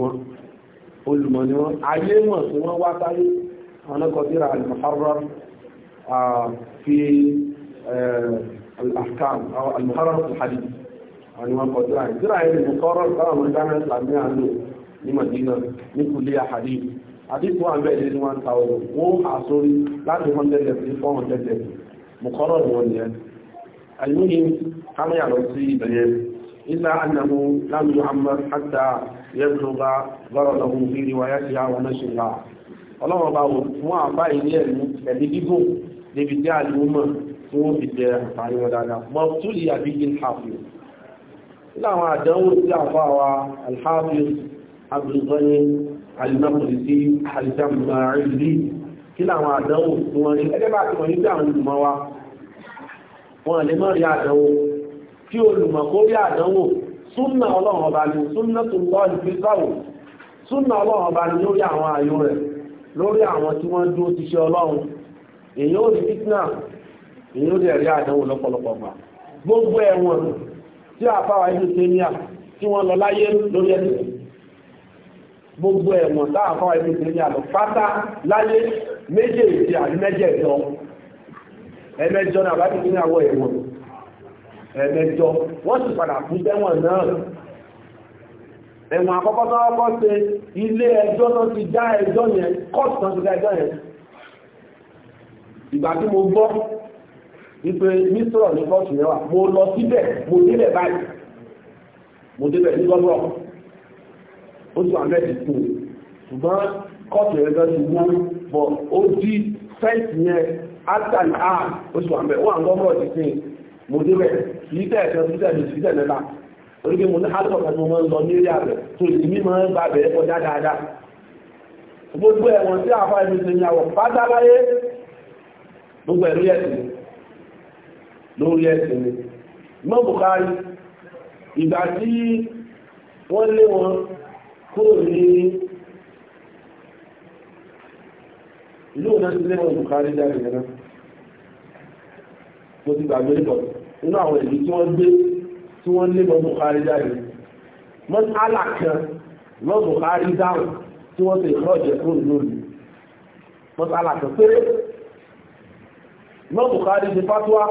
wọn olùmọ̀ ni wọ́n ayé mọ̀ tí wọ́n wá sáyé ọ̀nàkọ̀díra al-muharrar fi al-ahkam al-muharrar al-hadith àwọn ìwọ̀n kọ̀díra ìdíra ẹni mọ̀kọ́rọ̀ láwọn ìdáná ìsàmì àánú ní Madina ní kùlé hadith hadith wọn bẹ̀rẹ̀ ní 1000 wọ́n hà sórí láti إلا أنه لم يعمر حتى يبلغ ضرره في روايتها ونشرها ọlọ́run ọba wò fún àbá ilé ẹ̀mí ẹ̀mí gígùn níbi tí àlùmọ̀ tí wọ́n fi jẹ àǹfààní wọn dáadáa mọ tó lè àbí yìí hàfi láwọn àdánwò tí àfọ́ àwa alhafi abdulgani alinapoli sí alijamaari kí láwọn àdánwò tí wọ́n rí ẹgbẹ́ bá ti wọ́n ní bí àwọn olùmọ̀ wa wọn lè mọ̀ rí àdánwò kí olùmọ̀kórí àdánwò súnà ọlọ́run ọba ni súnà tó lọ́ ìgbésáwò súnà ọlọ́run ọba ni lórí àwọn àyò rẹ̀ lórí àwọn tí wọ́n dúró ti ṣe ọlọ́run èyí ò ní fitna èyí ò dẹ̀ rí àdánwò lọ́pọ̀lọpọ̀ gbà gbogbo ẹ̀wọ̀n tí àfáwà ibi tèmíà tí wọ́n lọ láyé lórí ẹni gbogbo ẹ̀wọ̀n tá àfáwà ibi tèmíà lọ pátá láyé méjèèjì àti mẹ́jẹ̀ẹ̀jọ ẹ̀mẹ́jọ náà bá ti ní àwọ̀ ẹ̀wọ̀n ẹ̀mẹjọ wọ́n sì padà kú sẹ́wọ̀n náà ẹ̀wọ̀n àkọ́kọ́ tó kọ́kọ́ ṣe ilé ẹjọ́ tó ti dá ẹjọ́ yẹn kọ́ọ̀tù tó ti dá ẹjọ́ yẹn ìgbà tí mo gbọ́ wípé mísírọ̀ ní kọ́ọ̀tù yẹn wà mo lọ síbẹ̀ mo délẹ̀ báyìí mo délẹ̀ ní gbọ́dọ̀ ó sì wà mẹ́tì kù ṣùgbọ́n kọ́ọ̀tù yẹn gan ti wú bọ̀ ó di fẹ́ǹsì yẹn átàlì á ó sì wà mẹ́ wọ́n à ń gbọ́ mo débẹ̀ kì í tẹ̀ ẹ̀sẹ̀ kì í tẹ̀ ẹ̀sẹ̀ kì orí pé mo ní hálùkọ̀ kan tí mo máa ń lọ ní eré àbẹ̀ tó sì mí máa ń gba àbẹ̀ kọjá dáadáa gbogbo ẹ̀wọ̀n tí àfa ẹ̀mí ti yàwọ̀ pátá láyé gbogbo ẹ̀rí ẹ̀sìn lórí ẹ̀sìn ni mọ́ bùkárí ìgbà tí wọ́n lé wọn kúrò ní ìlú náà sí lé wọn bùkárí jáde náà mo ti gbàgbé lọ nínú àwọn ìlú tí wọ́n gbé tí wọ́n lé lọ́dún kárí jáde mọ́sálà kan lọ́dún kárí dáhùn tí wọ́n ti ìkọ́ ìjẹ́ kúrò lórí mọ́sálà kan péré lọ́dún kárí ti fatuwa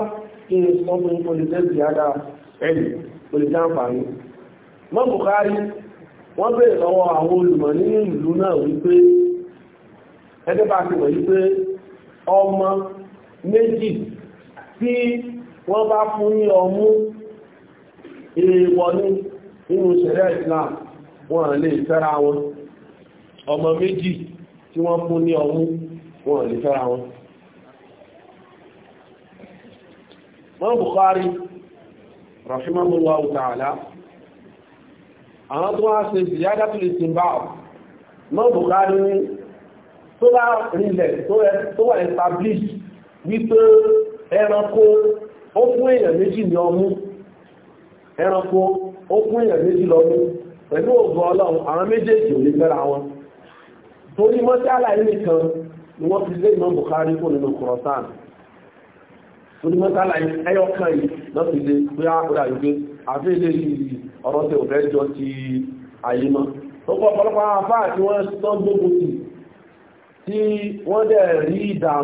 kí ni ọmọ olùdẹ́sì yáda ẹ̀yìn olùdáǹfààní mọ́bù kárí wọ́n bèèrè lọ́wọ́ àwọn olùmọ̀ nínú ìlú náà wípé ẹgbẹ́ bá ti wọ̀ wípé ọmọ méjì tí wọ́n bá fún ní ọmú èèwọ̀ ní inú ṣẹ̀rẹ́ Islam wọ́n lè fẹ́ra wọn ọmọ méjì tí wọ́n fún ní ọmú wọ́n lè fẹ́ra wọn wọ́n Bukhari rahimahullah ta'ala àwọn tó wá ṣe ìyádá tó lè sin bá wọ́n Bukhari ní tó bá rinlẹ̀ tó wà establish wípé ẹranko ó fún èèyàn méjì ní ọmú ẹranko ó fún èèyàn méjì lọ́mú pẹ̀lú ògbọ́ ọlọ́run àwọn méjèèjì ò lè fẹ́ra wọn torí mọ́sálà yìí nìkan ni wọ́n fi lé ìmọ̀ Bukhari kò nínú kọ̀rọ̀sán torí mọ́sálà yìí ẹyọ kan yìí lọ́n fi lé pé àkúrà yìí pé àfi lè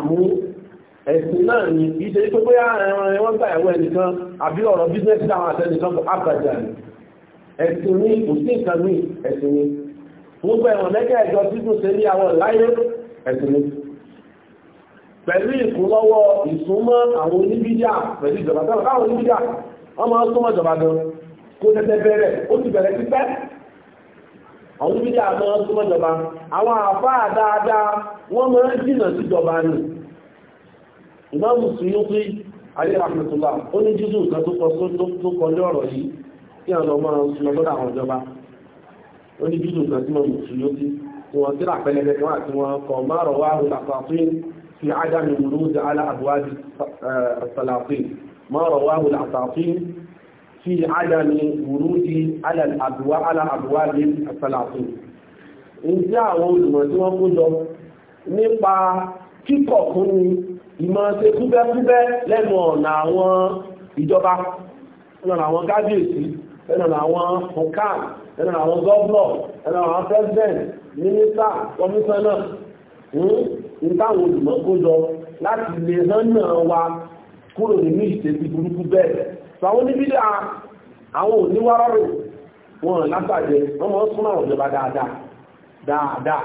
ọ̀rọ̀ ẹ̀sìn náà ni ìṣe tó pé ààrẹ wọn gbà ẹ̀wọ́ ẹnìkan àbí ọ̀rọ̀ bísínẹ́sì àwọn àtẹnìkan àbàjá ẹ̀sìn ní kò sí nǹkan ní ẹ̀sìn ní gbogbo ẹ̀wọ̀n lẹ́kẹ́ ẹ̀jọ títún ṣe ní àwọn láyé ẹ̀sìn ní pẹ̀lú ìkúnlọ́wọ́ ìsúnmọ́ àwọn oníbídíà pẹ̀lú ìjọba sábà káwọn oníbídíà wọ́n máa ń súnmọ́ ìjọba gan kó tẹ́tẹ́ bẹ̀rẹ̀ ó ti bẹ̀rẹ̀ pípẹ́ àwọn oníbídíà máa ń súnmọ́ ìjọba àwọn àfáà dáadáa wọ́n máa ń jìnnà síjọba ni ìmáàmù Suyuti alẹ́ rahmatulá ó ní jísù kan tó kọ lé ọ̀rọ̀ yìí kí àwọn ọmọ ọlọ́dọ̀ àwọn ìjọba ó ní jísù kan tí mọ̀mù Suyuti tí wọ́n tí ràpẹ́lẹ́lẹ́ kan àti wọn kọ márọ̀ wá rú àfàfin fi ádámi wùrúdì aláàbúwájú salafin márọ̀ wá rú àfàfin fi ádámi wùrúdì aláàbúwájú salafin ní tí àwọn nípa kíkọ̀ fún ni ìmọ̀ ṣe kúbẹ́kúbẹ́ lẹ́nu ọ̀nà àwọn ìjọba lẹ́nu àwọn kábíyèsí lẹ́nu àwọn ọ̀kan lẹ́nu àwọn gọ́ọ̀nọ̀ lẹ́nu àwọn president mínísítà kọmíṣánná ìtàwọn hmm? olùmọ̀kójọ láti lè hánà wa kúrò nínú ìṣẹ́bí burúkú bẹ́ẹ̀ sàwọn oníbílẹ̀ àwọn òníwárọ̀rọ̀ wọn látàjẹ wọ́n mọ́ súnmọ́ àwọn ìjọba dáadáa dáadáa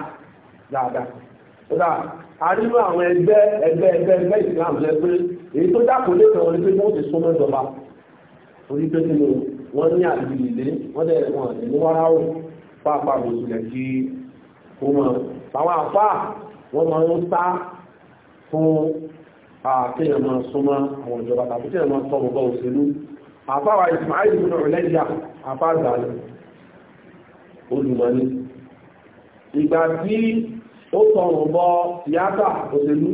dáadáa àrínú àwọn ẹgbẹ́ ẹgbẹ́ ẹgbẹ́ ẹgbẹ́ Islam lẹ pé èyí tó dàpọ̀ lé kan ní pé wọ́n ti súnmọ́ ìjọba orí pé nínú wọ́n ní àdìlé wọ́n dẹ̀ wọ́n ní wọ́n ráwọ̀ pàápàá gbòòsù lẹ̀ kí ó mọ̀ àwọn àfáà wọ́n máa ń sá fún àkéèyàn máa súnmọ́ àwọn ìjọba tàbí kéèyàn máa sọ bọ̀bọ̀ òṣèlú àfáwà Ismail bin ọ̀lẹ́yà àfáàgbà olùmọ̀ni ìgbà tí ó tọrùn bọ tíátà òṣèlú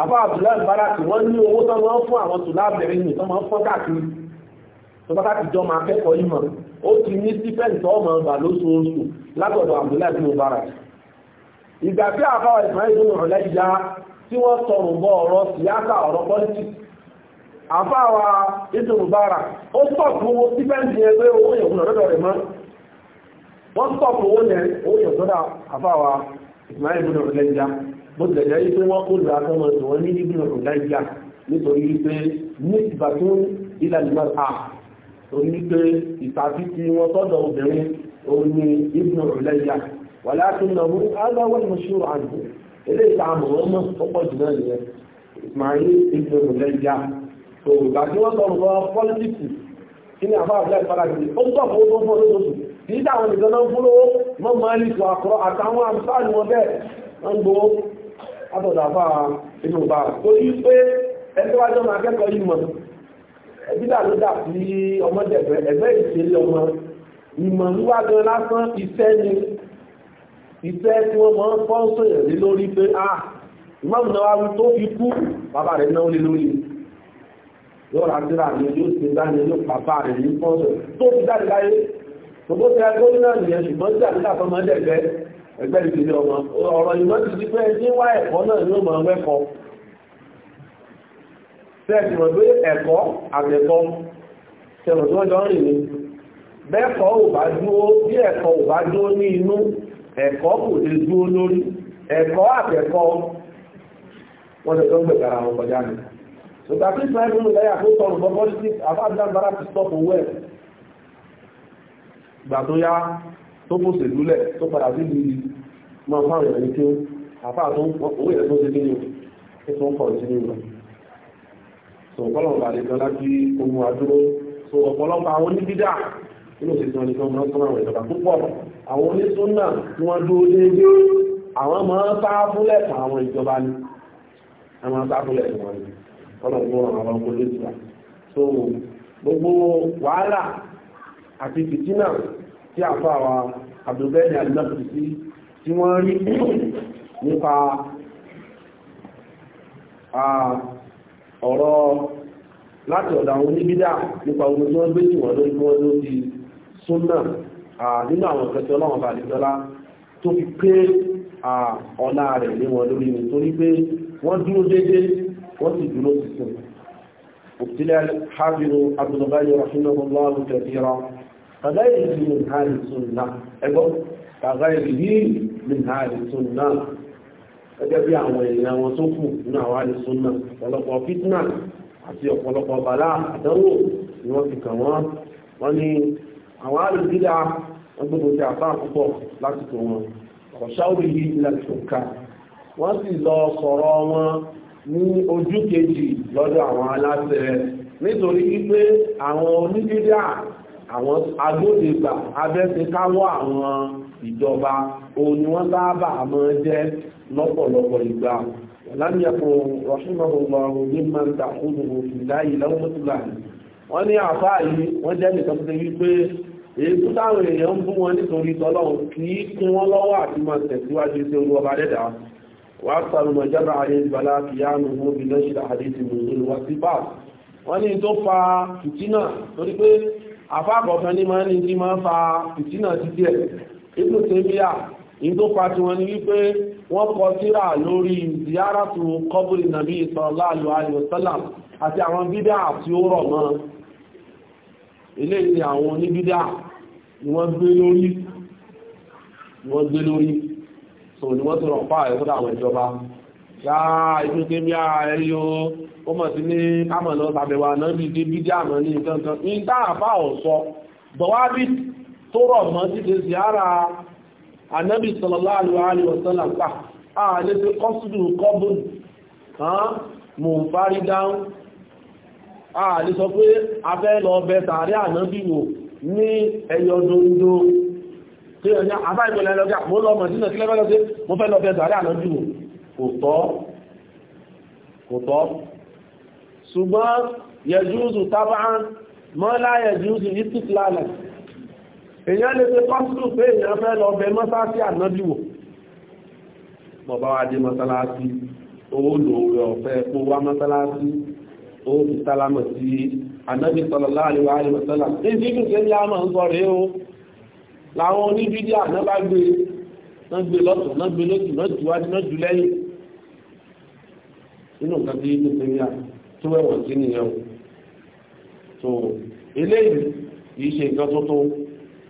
àbá àbúlá ìbára tí wọ́n ní owó tán wọ́n fún àwọn tùlá bẹ̀rẹ̀ ìyìn tán wọ́n fọ́n káàkiri tó bá láti jọ máa kẹ́kọ̀ọ́ ìmọ̀ ó ti ní sípẹ́ǹtì ọmọ ọgbà lóṣooṣù látọ̀dọ̀ àbúlá ìbí ìbára ìgbà tí àbá ìsmáyé ló rọ̀ lẹ́yà tí wọ́n wa ètò ìbára ó sọ̀tù owó sípẹ́ǹtì ẹgbẹ́ owó yẹ̀kùn lọ́dọ̀ rẹ̀ mọ́ wọ́n sọ̀tù owó yẹn wa ìsmáyé ìbùnà ọ̀lẹ́jà bó tẹ̀lé yí pé wọ́n kó lọ akọ́mọ tó wọ́n ní ìbùnà ọ̀lẹ́jà nítorí wípé ní ìgbà tó ilà ìmọ̀ à òun ní pé ìtàbí tí wọ́n tọ́jọ obìnrin òun ní ìbùnà ọ̀lẹ́jà wà látún náà mú aláwọ̀ ìmọ̀ṣúrò àgbò eléyìí tá a mọ́ mọ́lìkù àkọ́rọ̀ àtàwọn àmìsáàlì wọn bẹ́ẹ̀ wọ́n gbọ́ àtọ̀dàfà inú bá torí pé ẹgbẹ́ wájọ́ máa kẹ́kọ̀ọ́ yìí mọ̀ ẹ̀bílà ló dà sí ọmọdé ẹgbẹ́ ìṣẹ̀lẹ̀ ọmọ ìmọ̀ wíwá gan lásán iṣẹ́ ni iṣẹ́ tí wọ́n máa ń fọ́n sọ̀yẹ̀ lé lórí pé a ìmọ̀mù náà wáwí tó fi kú bàbá rẹ̀ náà lé lórí yóò rà síra ni yóò ṣe dání yóò bàbá rẹ̀ ní fọ́n tó fi jáde láyé gbogbo tí a gómìnà nìyẹn ṣùgbọ́n tí àbíkà fọmọdé ẹgbẹ́ ẹgbẹ́ ìpínlẹ̀ ọmọ ọ̀rọ̀ ìmọ̀ ti di pé ní wá ẹ̀kọ́ náà ní ọmọ ọmọ ẹ̀kọ́ tẹ́ẹ̀tì mọ̀ pé ẹ̀kọ́ àgbẹ̀kọ́ tẹ̀wọ̀n tí wọ́n jọ ń rìn ní bẹ́ẹ̀kọ́ ò bá dúró bí ẹ̀kọ́ ò bá dúró ní inú ẹ̀kọ́ kò lè dúró lórí ẹ̀kọ́ àgbẹ̀kọ́ wọ́n tẹ̀ tó ń gbẹ̀gbẹ̀rẹ̀ àwọn kọjá ni. ìgbà tí ìsìn ìgbà tó yá tó kò sèlú lẹ̀ tó padà sí ibi máa fáwọn èèyàn ní kí àfáà tó owó yẹn tó ṣe kí ni ó tó ń kọ̀ sí nínú so ọ̀pọ̀lọpọ̀ àlejò láti ohun àdúró so ọ̀pọ̀lọpọ̀ àwọn oníbídà inú òṣèṣàn nìkan máa ń sọ àwọn ìjọba púpọ̀ àwọn onísúnà tí wọ́n dúró déédéé àwọn máa ń sá fúnlẹ̀ fún àwọn ìjọba ni àwọn máa ń sá fúnlẹ̀ fún wọn ni ọlọ́pọ̀ àwọn ọkọ̀ lóṣìṣà so gbogbo wàhálà àti fìtínà tí àfáwà àbúgbẹ́ni àdínàfìsí tí wọ́n rí nípa ọ̀rọ̀ láti ọ̀dà àwọn oníbídà nípa ogun tí wọ́n gbé jù wọ́n lórí wọ́n ló di súnnà nínú àwọn ìfẹ́sẹ̀ ọlọ́wọ̀n bá nìjọlá tó fi pé ọ̀nà rẹ̀ lé wọn lórí ni torí pé wọ́n dúró déédé wọ́n sì dúró sísun òkútílẹ̀ hábìrò abdullahi rahimahullah kẹfìrán kàgáyìí min hàlì sunna ẹgbọ́ kàgáyìí min hàlì sunna gẹ́gẹ́ bí àwọn èèyàn wọn tó kù nínú àwọn hàlì sunna ọ̀pọ̀lọpọ̀ fitna àti ọ̀pọ̀lọpọ̀ bàlá àdánwò ni wọ́n ti kàn wọ́n wọ́n ní àwọn hàlì dídá wọ́n gbogbo ti àfáà púpọ̀ lásìkò wọn ọ̀ṣáwì yìí ilẹ̀ ìṣòkà wọ́n sì lọ sọ̀rọ̀ wọn ní ojú kejì lọ́dọ̀ àwọn aláṣẹ nítorí wípé àwọn onídídá àwọn agbódegbà abẹ́sẹ̀ káwọ́ àwọn ìjọba òun ni wọ́n sábà máa jẹ́ lọ́pọ̀lọpọ̀ ìgbà lámì ẹ̀kọ́ rọ̀ṣùmọ̀lọ́wọ́ mímọ̀ ìtàkùnrin òfin láyé lọ́wọ́mọ́tìlá wọ́n ní àfá yìí wọ́n jẹ́ nìkan tó wípé èyí táwọn èèyàn ń bú wọn nítorí tọ́lọ́run kì í kún wọ́n lọ́wọ́ àti máa tẹ̀síwájú sí olú ọba dẹ́dà wà sàrùmọ̀ jábà ayé ìbàlá kìyàmù mú bí lọ́ṣìlá àdéjì mú ìlú wa sí bá wọ́n ní tó fa fìtínà torí pé àfáàkọ̀ọ̀kan ní máa ní tí máa fa ìtínà ti díẹ̀ ipò tẹ́bíà ní tó pa tí wọ́n ní wípé wọ́n kọ síra lórí ziyaratu kọbùrì nàbí sallallahu alaihi wasallam àti àwọn bídá tí ó rọ̀ mọ́ ilé ìsìn àwọn oníbídá ni wọ́n gbé lórí wọ́n gbé lórí so ni wọ́n tó rọ̀ pa ẹ̀kọ́ àwọn ìjọba yáà ìpínlẹ̀ tẹ́bíà o ó mọ̀ sí ní kámọ̀nà tàbẹ̀wà náà bí dé bí dáàmọ̀ ní nǹkan ní dáàfà ọ̀sọ́ bọ̀wábí tó rọ̀ mọ́ sí lè sí ara anábì sallallahu alaihi wasallam pa a lè fi kọ́sùdù kọ́bùn kan mò ń fárí dáhùn a lè sọ pé a fẹ́ lọ bẹ tààrí anábì wò ní ẹyọ dondo mo lọ mọ̀ sínú sílẹ̀ fẹ́ sí mo fẹ́ lọ bẹ tààrí ṣùgbọ́n yẹjúùsù tábàán mọ́lá yẹjúùsù ìtìtìlálẹ̀ èyàn lè fi kọ́sùlù pé èyàn fẹ́ lọ bẹ mọ́sáàsì ànábíwò bọ̀bá wá dé mọ́sálásí owó lòrò ọ̀fẹ́ kó wá mọ́sálásí ó fi sálámọ̀ sí ànábí sallallahu alaihi wa sallam tí kí ṣe ní àmà ń sọ̀rẹ́ o láwọn oníbídí ànábá gbé náà gbé lọ́tọ̀ náà gbé lókè náà jùwájú náà jù lẹ́yìn nínú nǹkan tí kí ṣe ní àmà tí wọ́n wọ̀n sí nìyẹn so eléyìí yìí ṣe nǹkan tó tó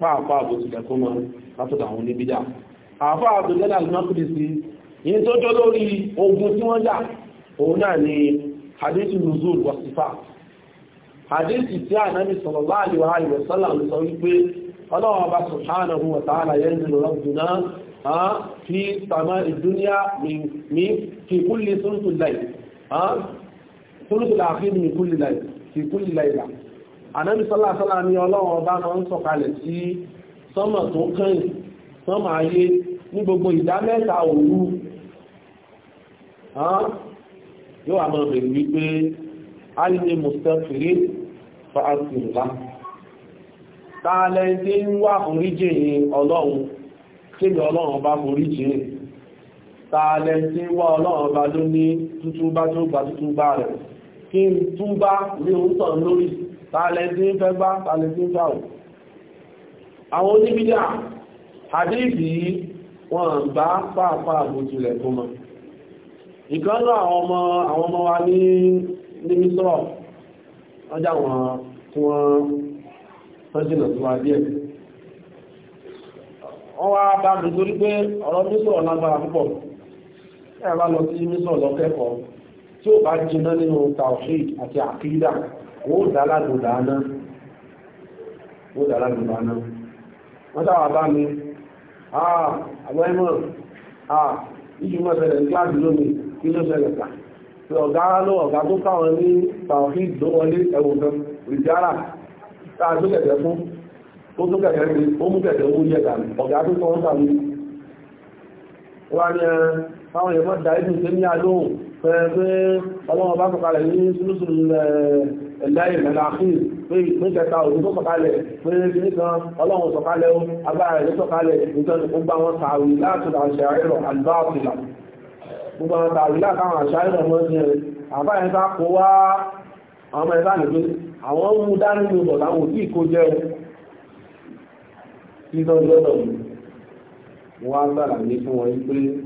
pàápàá bó ti dẹ̀kọ́ mọ́ látọ̀dà àwọn oníbíjà àfá àbúlẹ́lá ìmọ́kùnlé sí yìí tó jọ lórí ogun tí wọ́n jà òun náà ni hadithu nuzul wasifa hadithu tí ànábì sallallahu alaihi wa sallam sọ wípé ọlọ́run ọba subhanahu wa ta'ala yanzilu rabbuna fi sama'i dunya min fi kulli thuluthi al-layl tólùtùlà àfihàn ní kúlìlà ìlà ànábì sọ́làsọ́là ní ọlọ́run ọba máa ń sọ̀kalẹ̀ sí sọ́mọ̀ tó kàn sọ́mọ̀ ayé ní gbogbo ìdá mẹ́ta òru yóò àmọ́ bẹ̀rẹ̀ wípé alìyé mustafiri fa'asirla tààlẹ̀ tí ń wá oríjì ọlọ́run tí ni ọlọ́run bá oríjì tààlẹ̀ tí ń wá ọlọ́run bá ló ní tútúbá tó gbà tútúbá rẹ̀ kí n tún bá ní oúntọ̀ lórí tààlẹ̀ tí ń fẹ́ bá tààlẹ̀ tí ń fà àwọn oníbídà àdébì wọn bá pàápàá àgbójúlẹ̀ tó mọ́ àwọn ọmọ àwọn ọmọ wa ní mísọ́rọ̀ ọjà wọn tí wọ́n tọ́jìnà tí ó bá jiná nínú tawhid àti àkídà ó dáládùdà náà ó dáládùdà náà wọ́n sáwà bá mi àà àwọn ẹmọ́ àà ìjùmọ̀ ṣẹlẹ̀ kíláàsì lómi kí ló ṣẹlẹ̀ kà pé ọ̀gá ló ọ̀gá tó káwọn ní tawhid ló wọlé ẹ̀wọ̀n kan rìjára tá a tó kẹ̀kẹ́ fún ó tó kẹ̀kẹ́ fi ó mú kẹ̀kẹ́ owó pẹ̀lú ọlọ́wọ́ bá sọ̀kalẹ̀ ní ṣúlùsù ẹ̀láyìn mẹ́láàfíì pé ìpínkẹta òun tó sọ̀kalẹ̀ pé ní kan ọlọ́wọ́ sọ̀kalẹ̀ ó agbára rẹ̀ sọ̀kalẹ̀ nítorí gbogbo àwọn tààrí láti àṣẹ àrẹ́rọ̀ àlùbáàfìlà gbogbo àwọn tààrí láti àwọn àṣẹ àrẹ́rọ̀ mọ́ sí rẹ̀ àbáyẹn sá kó wá àwọn ẹ̀sá nìgbé àwọn mú dání ní ọ̀dọ̀ láwọn òbí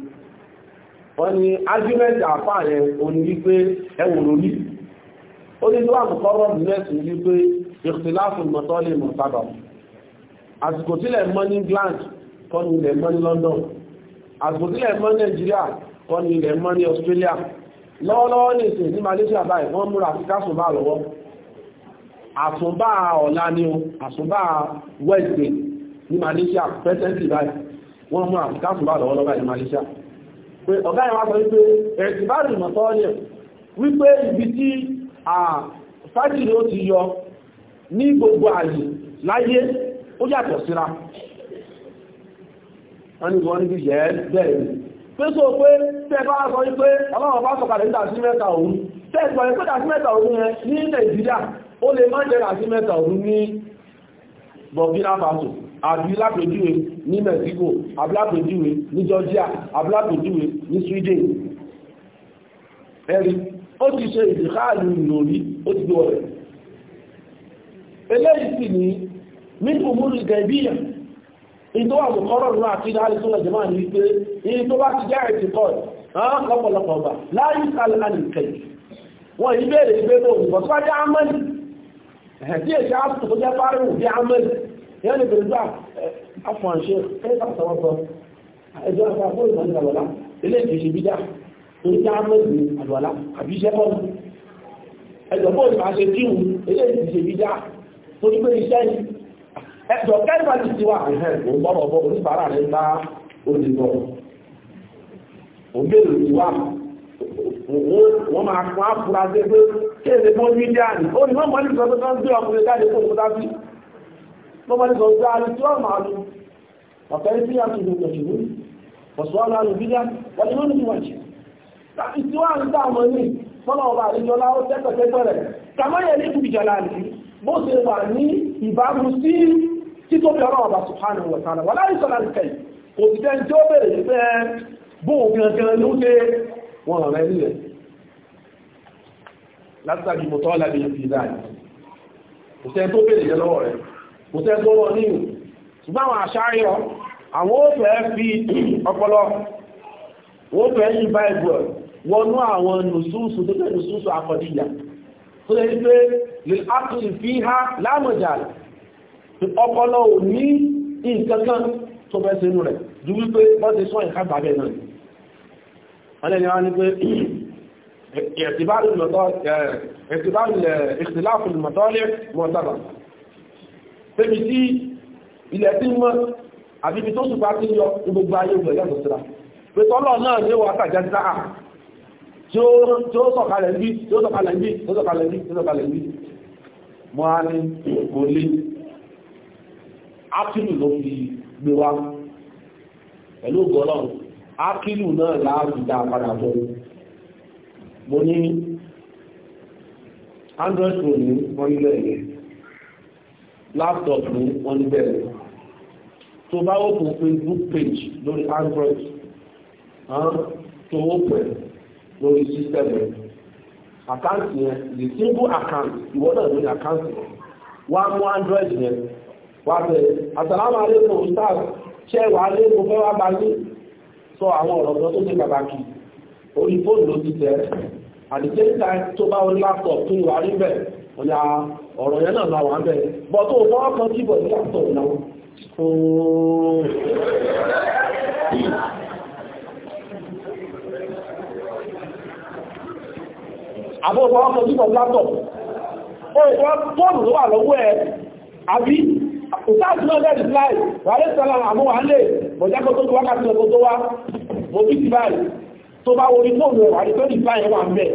wọ́n ní ájúmẹ́tì àfà rẹ̀ òní wípé ẹwùn lórí ó ní tó àbùkọ́rọ̀ mẹ́sì wípé ìfìláfù mọ̀tọ́lẹ̀ mọ̀sábà àsìkò tílẹ̀ mọ́ ní England kọ́ ní ilẹ̀ mọ́ ní London àsìkò tílẹ̀ mọ́ ní Nigeria kọ́ ní ilẹ̀ mọ́ Australia lọ́wọ́lọ́wọ́ ní ìsìn ní Malaysia báyìí wọ́n múra sí kásùnbà lọ́wọ́ àsùnbà ọ̀la ni o àsùnbà Malaysia presently báyìí wọ́n múra sí kásùnbà lọ́wọ́lọ́wọ́ ní Malaysia pé ọ̀gá ìwà sọ wípé ẹ̀sìbárì mọ̀tọ́ọ̀lẹ̀ wípé ibi tí fájìrì ó ti yọ ní gbogbo àyè láyé ó yàtọ̀ síra wọ́n ni wọ́n níbi yẹ́ bẹ́ẹ̀ pé sọ pé tẹ́ bá sọ wípé ọlọ́run bá sọ̀kalẹ̀ ní dàsí mẹ́ta òun tẹ́ sọ pé dàsí mẹ́ta òun yẹn ní àbí lápèjúwe ní Mexico àbí lápèjúwe ní Georgia àbí lápèjúwe ní Sweden ẹ̀rí ó ti ṣe ìdíkáàlù lórí ó ti gbọ́ rẹ̀ eléyìí sì ní nínú múrù gẹ̀ẹ́bíyàn ìtò àmùkọ́rọ̀ ní àti ìdárí tó lọ́jọ́ máa ní pé ìyí tó bá ti jẹ́ ẹ̀tì kọ́ ọ̀hán lọ́pọ̀lọpọ̀ ọba láyé alìkẹ̀ wọ́n yí bèèrè ìgbé tó òkùnkọ̀ tó bá jẹ́ amẹ́lì ẹ̀tí èsì àtúntò tó jẹ́ fárínù bí amẹ́lì yẹn lè bèrè dúà afọ̀nṣe ẹ̀ka sọ̀rọ̀sọ̀ ẹjọ́ ẹ̀ka fún ìmọ̀lẹ́ àlọ́lá ilé ìdíje bí dá torí dá mẹ́sì àlọ́lá àbí iṣẹ́ kọ́ ẹjọ́ bó ìmọ̀ àṣẹ tíwù ilé ìdíje bí dá torí pé iṣẹ́ yìí ẹjọ́ kẹ́rìbà ti ti wà ẹ̀hẹ́n ò ń bọ̀rọ̀ bọ̀ oníbàárà rẹ̀ bá olùbọ̀ òbẹ̀rù ti wà wọ́n máa fún afurasí pé kéèrè mọ́ mídíà ní ó ní wọ́n mọ́ somebody goes down into our mouth, apparently you have to do what you will. What's wrong with you? What do you want to watch? That is two hours down on me. Sọ́nà ọba àríjọlá ó tẹ́kọ̀tẹ́kọ̀ rẹ̀. Kàmáyẹ̀ ní kùbì jàlá nìí, bó ṣe wà ní ìbámu sí títóbi ọ̀rọ̀ ọba Subhanahu wa ta'ala. Wà bèèrè ní lọ́wọ́ rẹ̀ kò tẹ́ gbọ́rọ̀ níyù ṣùgbọ́n àwọn àṣáyọ àwọn ó fẹ́ fi ọpọlọ ó fẹ́ yí báìbù wọnú àwọn nùsùsù tó tẹ́ nùsùsù akọ̀díyà tó lè pé lèkàtùn fi ha lámọ̀jà ọpọlọ ò ní nǹkankan tó fẹ́ sínú rẹ̀ ju wípé wọ́n ti sọ́yìn ká bàbẹ̀ náà tẹ́bi tí ilẹ̀ tí mọ́ àbíbi tó sùpá tí yọ ní gbogbo ayé ìgbẹ̀ yàtọ̀ síra pé tọ́lọ̀ náà ní wà tàjá sí àà tí ó sọ̀kalẹ̀ bí tí ó sọ̀kalẹ̀ bí tí ó sọ̀kalẹ̀ bí tí ó sọ̀kalẹ̀ bí mọ́ á ní kò lé ákìlù ló fi gbé wá pẹ̀lú gọ́lọ́n ákìlù náà láàrín dá padà bọ́ mo ní 100 kò ní wọ́n nílẹ̀ yẹn laptop ní wọ́n ní bẹ̀rẹ̀ tó bá open facebook page lórí android tó open lórí system rẹ̀ àkáǹtì yẹn the simple account ìwọ́n náà lórí àkáǹtì yẹn wá mú android yẹn wá bẹ̀rẹ̀ àtàlámà lẹ́kọ̀ọ́ stars ṣẹ́ wà lẹ́kọ̀ọ́ fẹ́ wá bá ní sọ àwọn ọ̀rọ̀ kan tó ṣe pàtàkì orí fóònù ló ti tẹ̀ at the same time tó bá orí laptop tó wà níbẹ̀ ọ̀yà ọ̀rọ̀ yẹn náà láwà ń bẹ̀rẹ̀ bọ́ tó fọ́ ọkọ̀ kíbọ̀ ní àtọ̀ ìnáwó àbọ̀ fọ́ ọkọ̀ kíbọ̀ látọ̀ ọ̀pọ̀ fọ́ọ̀nù ló wà lọ́wọ́ ẹ̀ àbí òtáàtì náà lẹ́dì láì wàlẹ́ sálà àmúwà lè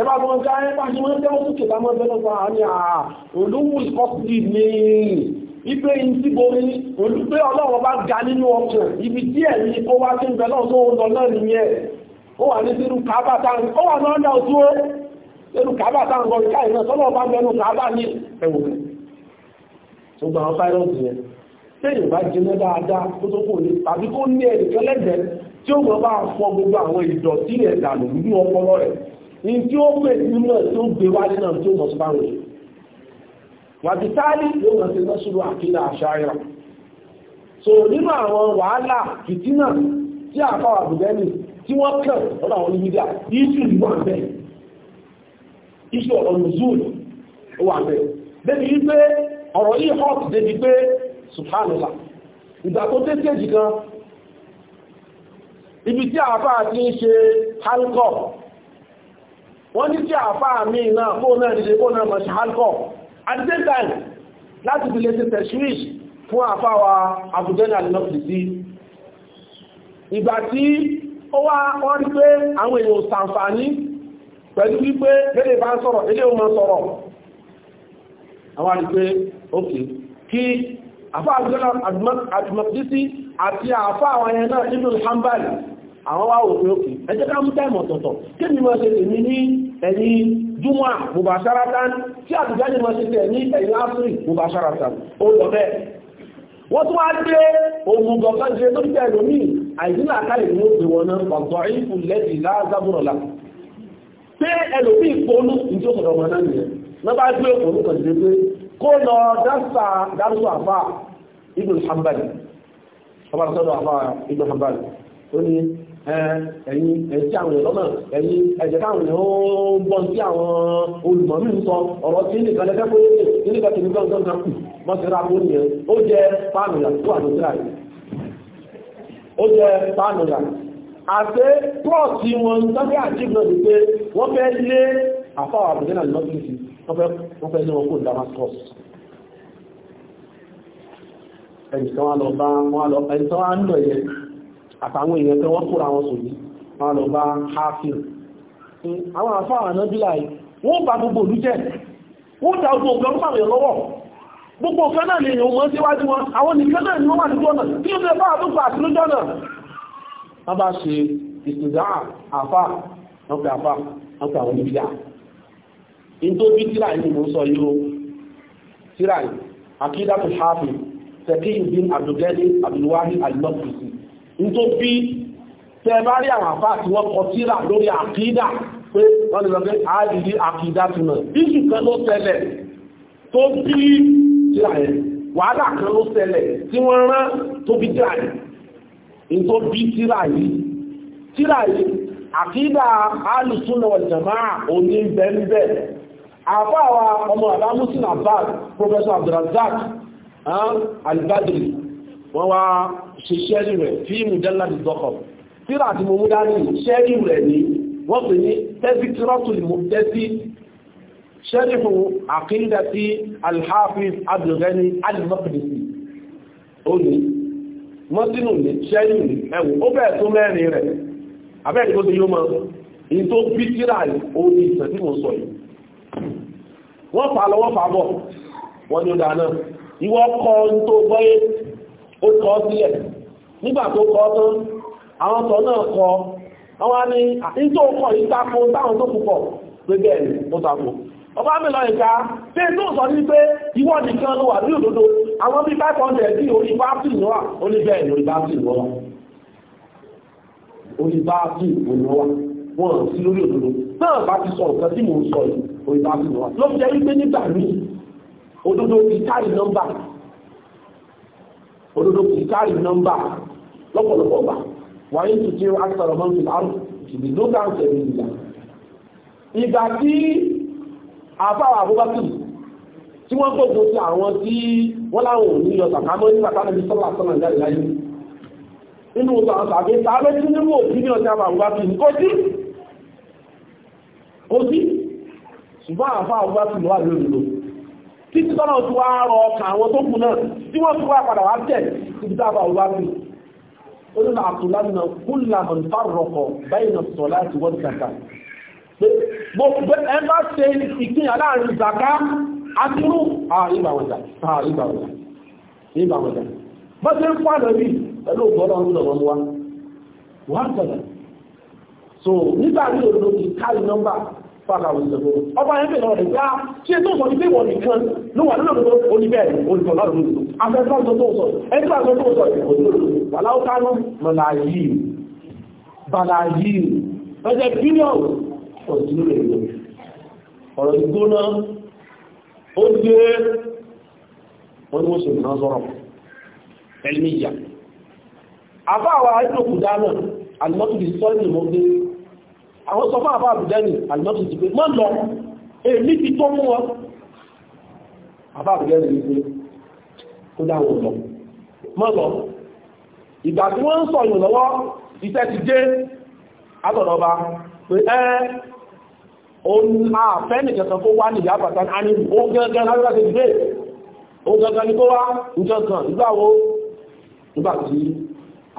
ẹbá tó ń káyẹ́ bá ṣe tẹ́wọ́ sókè bá máa bẹ́lọ́ fún àà olówó ìkọ́sìdì ní ipe ìdí bomi olùgbé ọlọ́wọ́ bá ga nínú ọkàn ibi díẹ̀ ní kó wá sí ń lọ náà nìyẹn ó tí ó mọ̀ bá fọ gbogbo àwọn ìdọ̀tí ẹ̀dà lòlú ọpọlọ rẹ̀ ní tí ó pè nínú ẹ̀ tó gbé wá nínú tó mọ̀ sí báwọn èèyàn wàbí táàlì ló mọ̀ sí lọ́sùrù àkílà àṣàyà so nínú àwọn wàhálà fìtínà tí àfa àbùdẹ́nì tí wọ́n kàn lọ́dọ̀ àwọn onímídà iṣu ìwà bẹ́ẹ̀ iṣu ọ̀rọ̀ nùzúù wà bẹ́ẹ̀ débi wípé ọ̀rọ̀ yìí hot débi pé subhanallah ìgbà tó dé stage kan ibi tí àfa àti ṣe halkọ́ wọ́n ní tí àfáà mi náà kó náà nílé kó náà mọ̀ sí halkọ́ at the same time láti fi lè ti tẹ̀síwìs fún àfáwà àbújẹ́nà lọ́pìsí ìgbà tí ó wá wọ́n rí pé àwọn èèyàn sàǹfààní pẹ̀lú wípé lédè bá ń sọ̀rọ̀ ilé òun sọ̀rọ̀ àwọn àrígbé òkè kí àfá àbújẹ́nà àdìmọ̀pìsí àti àfá àwọn ẹ̀yẹn náà nínú Hanbali àwọn wá òfin òkè ẹjẹ́ ká mú tẹ́mọ̀ tọ̀tọ̀ kí ni mo ṣe lè ní ẹ̀yìn júmọ́ mubasharatan tí àbújá ní mọ́sílẹ̀ ní ẹ̀yìn áfírí mubasharatan ó lọ bẹ́ẹ̀ wọ́n tún wá gbé ohun gọ̀ọ̀kan ṣe tó jẹ́ ẹ̀lòmí àìdílà káyè ní òbí wọn náà ọ̀tọ̀ ìfù lẹ́dì láàzábùrọ̀lá pé ẹlòmí ìpolú ní tó kọ̀dọ̀ wọn náà nìyẹn wọ́n bá gbé òun kan ṣe pé kó lọ dásà dárúkọ àfà ibùn hanbali ọba sọ́dọ̀ àfà ibùn hanbali ó ní ẹ̀yin ẹ̀sí àwọn èèyàn ẹ̀yin ẹ̀jẹ̀ káwọn èèyàn ń gbọ́n sí àwọn olùmọ̀mí ń sọ ọ̀rọ̀ tí nìkan lẹ́fẹ́ pé nígbà tí nìkan tó ń kan kù wọ́n kó nìyẹn ó jẹ páànù tó àdó síra yìí ó jẹ páànù àti pọ́ọ̀tì wọn tọ́jú àjíb náà ni wọ́n fẹ́ lé àfáwà àbùdé náà lọ́ sí wọ́n fẹ́ lé wọn kó Damascus ẹnìkan wá lọ bá wọn lọ ẹnìkan wá ń lọ yẹn àtàwọn èèyàn tẹ́ wọ́n kóra wọn sòdí wọn lọ bá hafir àwọn àfáà náà bí láì wọ́n bá gbogbo òlú jẹ́ wọ́n dá ogun ọ̀gbọ̀n fáwọn èèyàn lọ́wọ́ gbogbo ọ̀fẹ́ náà lè yàn wọ́n síwájú wọn àwọn nìkan náà ni wọ́n wà níjọ́ náà tí ó fẹ́ bá àdúgbò àti lójọ́ náà wọ́n bá ṣe ìsìnzá àfà wọ́n pè àfà wọ́n pè àwọn oníbíyà in tó bí tíra yìí mo ń sọ yìí o tíra yìí akídàtù hafi tẹ̀kí ìbín abdulgadi abdulwahi alimọ́kùsì tó bí tẹ́ bá rí àwọn àfá tí wọ́n kọ síra lórí àkídà pé wọ́n lè lọ́gbẹ́ àádìí àkídà túnà iṣu kan ló ṣẹlẹ̀ tó bí síra yẹn wàhálà kan ló ṣẹlẹ̀ tí wọ́n rán tó bí síra yẹn ní tó bí síra yìí síra yìí àkídà alùsùnà ọ̀jọ̀má òní bẹ́ẹ̀ àfáà wa ọmọ àbámúsìn àbáà Professor Abdulrazak ah, Al-Badri wọ́n wá ṣe ṣẹ́rì rẹ̀ fíìmù jẹ́láàdì dọ́kọ̀ tíra àti mọ̀mú dání ṣẹ́rì rẹ̀ ní wọ́n pè ní tẹ́sí tírọ́tùlì mú tẹ́sí ṣẹ́rì fún àkíńdà sí alhafiz abdulgani alimakadisi ó ní mọ́sínú wọ́n fà lọ́wọ́ fà bọ̀ wọ́n ní ó dáná ìwọ́ kọ́ ń tó gbọ́yé ó kọ́ sílẹ̀ nígbà tó kọ́ tán àwọn tọ́ náà kọ́ àwọn ni ìtò kọ̀ ìtako táwọn tó púpọ̀ pé bẹ́ẹ̀ ni ó tako ọba mìlọ ìka tí tó sọ ní pé ìwọ nìkan ló wà ní òdodo àwọn bí 500 tí orí báàtì ló wà ó ní bẹ́ẹ̀ ni orí báàtì ló wà orí báàtì ló wà wọ́n sí lórí òdodo náà bá ti sọ nǹkan tí mò ń sọ yìí orí báàtì ló wà ló fi jẹ́ wípé nígbà míì òdodo ti kárí nọ́mbà òdodo kì í káàrí nọ́mbà lọ́pọ̀lọpọ̀ gbà wáyé tuntun àtàrọ̀ mọ́tò àrùn ìdí ló dáhùn tẹ̀lé ìgbà ìgbà tí àfáwà àbúbákì tí wọ́n gbogbo sí àwọn tí wọ́n láwọn ò ní yọ sàkámọ́ ní sàkámọ́ ní sọ́lá sọ́lá jáde láyé nínú ọ̀sọ̀ àwọn sàbí sàbẹ́ tí nínú òbí ní ọjà àbúbákì ní kó sí kó sí ṣùgbọ́n àfáà títí tọ́nà tó wá rọ ọkà àwọn tó kù náà tí wọ́n tó wá padà wá tẹ̀ ibi tábà wá bí ó ní àtúnlánà kúlà mọ̀ fárọkọ̀ báyìí nà sọ láti wọ́n kàkà ẹ bá ṣe ìpínyà láàrin zaka akínú àìbàwọ̀dà bá ṣe wọ́n tẹ̀lẹ̀ so nígbà òdòdó kí káàlì nọ́mbà fàlà òṣèlú ọba ẹgbẹ̀ lọ rẹ̀ gbá tí ẹ tó sọ ní pé wọ́n nìkan ló wà nínú ọdún oníbẹ̀ olùkọ́ lọ́dún afẹ́fẹ́ tó sọ ẹgbẹ́ tó sọ wàláwọ́kánú mọ̀láyìí bàláyìí ọjọ́ bílíọ̀nù ọ̀sìn rẹ̀ ọ̀rọ̀ ìgbóná ó gbé oníwọ́sùn náà sọ̀rọ̀ ẹlmíyà afáwà ìlú kùdánà alimọ́tò àwọn sọ fún àbá àbùdẹ́nì àlùmọ́tò ti pé mọ́ lọ èmi ti tó mú wọn àbá àbùdẹ́nì ní pé kó dáwọn lọ mọ́ lọ ìgbà tí wọ́n ń sọ ìrìn lọ́wọ́ iṣẹ́ ti dé àtọ̀dọ̀ba pé ẹ́ òun àfẹ́ nìkẹ̀kan kó wá nìyà bàtà ní ó gẹ́gẹ́ láti gbé ó gẹ́gẹ́ ní kó wá nìkẹ̀kan ìgbàwó nígbàtí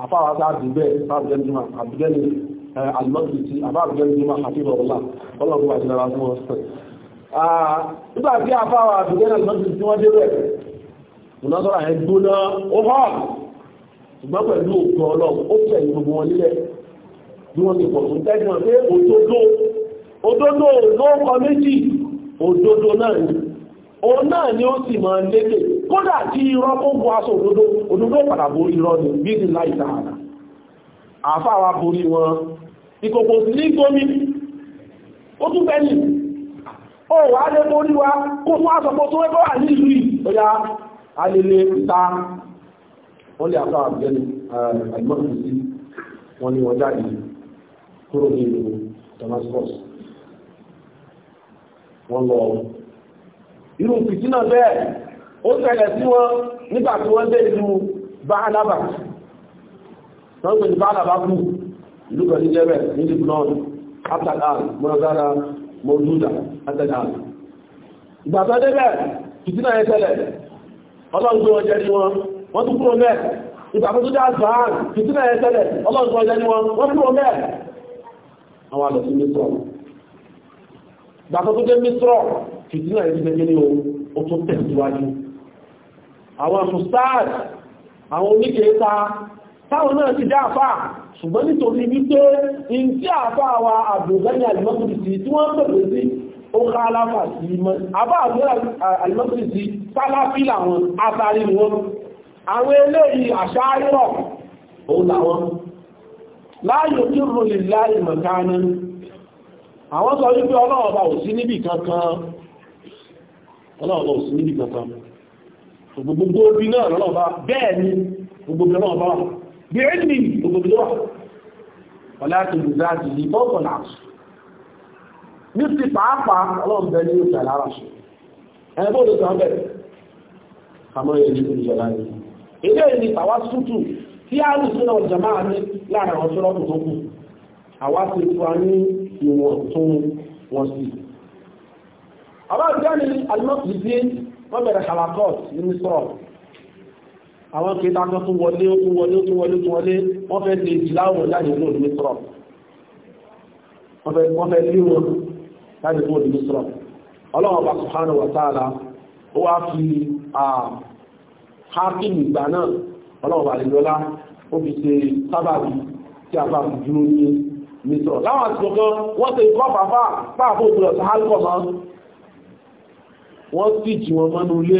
àfáwà sáà dùn bẹ́ẹ̀ sáà alimọ́tìtì àbáàbẹ̀rẹ̀ ní máa àfihàn ọ̀la ọlọ́run àti lára fún ọ̀sẹ̀. nígbà tí a fáwọn àbúgbẹ́ alimọ́tìtì tí wọ́n débẹ̀ ìnáṣọ́ra ẹ̀ gbóná ó họ́ ṣùgbọ́n pẹ̀lú òkú ọlọ́run ó tẹ̀ gbogbo wọn nílẹ̀ bí wọ́n ti pọ̀ tó tẹ́gbọ̀n pé òdodo òdodo ló kọ méjì òdodo náà ni òun náà ni ó sì máa lédè kódà tí irọ́ kó bu aṣọ òdodo òdodo padà borí irọ́ ni bí ti láì sáà àfáà wa borí wọn ìkòkò sí ní gómi ó tún bẹ́ni ó wà á lé mórí wa kó fún àsọpọ̀ tó ẹgbọ́ wà ní ìlú ìtọ́yá alẹ́lẹ́ ìta wọ́n lè àpá àbẹ́ni àìmọ́sí sí wọ́n ni wọ́n jáde kúrò ní ìlú Damascus wọ́n lọ irú fìtínà bẹ́ẹ̀ ó ṣẹlẹ̀ sí wọn nígbà tí wọ́n dé ìlú báhánábà wọ́n pè ní báhánábà kú ìlú kan ní jẹ́bẹ̀ ní lebanon atakan mọ́nàzára mọ́dúdà atakan ìgbà débẹ̀ fìtínà yẹn tẹ́lẹ̀ ọlọ́gbọ́n ọjẹ́ ni wọn wọ́n tún kúrò mẹ́ ìgbà tó dá zaan fìtínà tẹ́lẹ̀ ọlọ́gbọ́n ọjẹ́ ni wọn wọ́n kúrò mẹ́ táwọn náà ti dá àfáà ṣùgbọ́n nítorí wípé in tí àfáà wa àbògbẹ́ni alimọ́tòrìsì tí wọ́n pẹ̀lú sí ó ká aláfà sí mọ́ àbá alimọ́tòrìsì sáláfí làwọn atari wọn àwọn eléyìí àṣáyọ̀ òun làwọn láàyò tí ó lè láì mọ̀kánà àwọn sọ wípé ọlọ́ọ̀bà ò sí níbì kankan ọlọ́ọ̀bà ò sí níbì kankan gbogbo obi náà lọ́ọ̀bà bẹ́ẹ̀ ni gbogbo ọlọ́ọ̀bà bí i ní òbòdó ọ̀lá tó lè záàtì ní ọkọ̀ náà ní ti pàápàá ọlọ́m̀bẹ̀ ní ìjà lára ṣe ẹgbẹ́ òdó kan bẹ̀rẹ̀ àmọ́ yẹn ní ìjà lára ilé ìní tàwa sútù tí a lù sínú ọjà máa ní lára àwọn tó lọ́pù tó kù àwa ti tu àwọn ìjọ́ ni alimọ́sí sí wọ́n bẹ̀rẹ̀ halakọ́t ní sọ́ọ̀ àwọn kìí tàbí tó wọlé tó wọlé tó wọlé tó wọlé wọ́n fẹ́ lè jì láwọn láti ìlú òdìmí sọ́rọ̀ wọ́n fẹ́ lè wọn láti ìlú òdìmí sọ́rọ̀ ọlọ́wọ́ bá subhanahu wa ta'ala ó wá fi hakim ìgbà náà ọlọ́wọ́ bá lè lọ́lá ó fi ṣe sábàbí tí a bá fi dúró ní mísọ̀rọ̀ láwọn àti kan wọ́n ṣe ìfọ́ fàfà pàápàá òkúrọ̀ sí hálùkọ̀ mọ́ wọ́n sì jì mọ́nú lé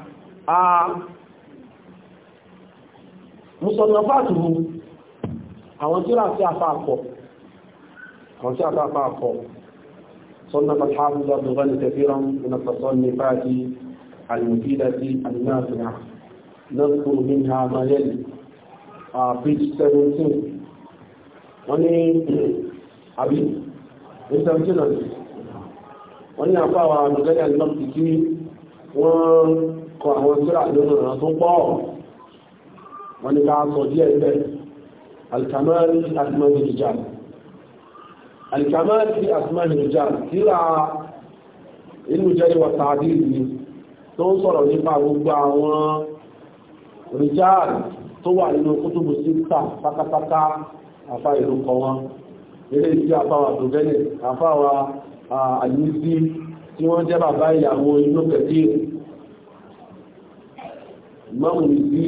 a musonafáàtù mú àwọn tíra sí àfáàpọ̀ àwọn tí a bá fà pọ̀ sọ́nà pàtàkì lọ́dọ̀gbọ́n ní tẹ̀fíran ìrìnà pàtàkì ní fàájí alìmọ̀fídàtí alìmọ̀fíà lọ́pọ̀ ní hamayel a page 17 wọ́n ní àbí 17 wọ́n ní àpáwà kọ àwọn tíra lónà ọ̀nà tó pọ̀ wọ́n ni ká sọ díẹ̀ ibẹ̀ alkamari asmani hijab alkamari asmani hijab tíra inú jẹ́ ìwà tàbí ìlú tó ń sọ̀rọ̀ nípa gbogbo àwọn rijal tó wà nínú kútùbù síta pátápátá àfá ìlú kọ wọn ilé ìsí àfáwà tó gẹ́lẹ̀ àfáwà àyíkí tí wọ́n jẹ́ bàbá ìyàwó inú pẹ̀lú mọ́mù ní bí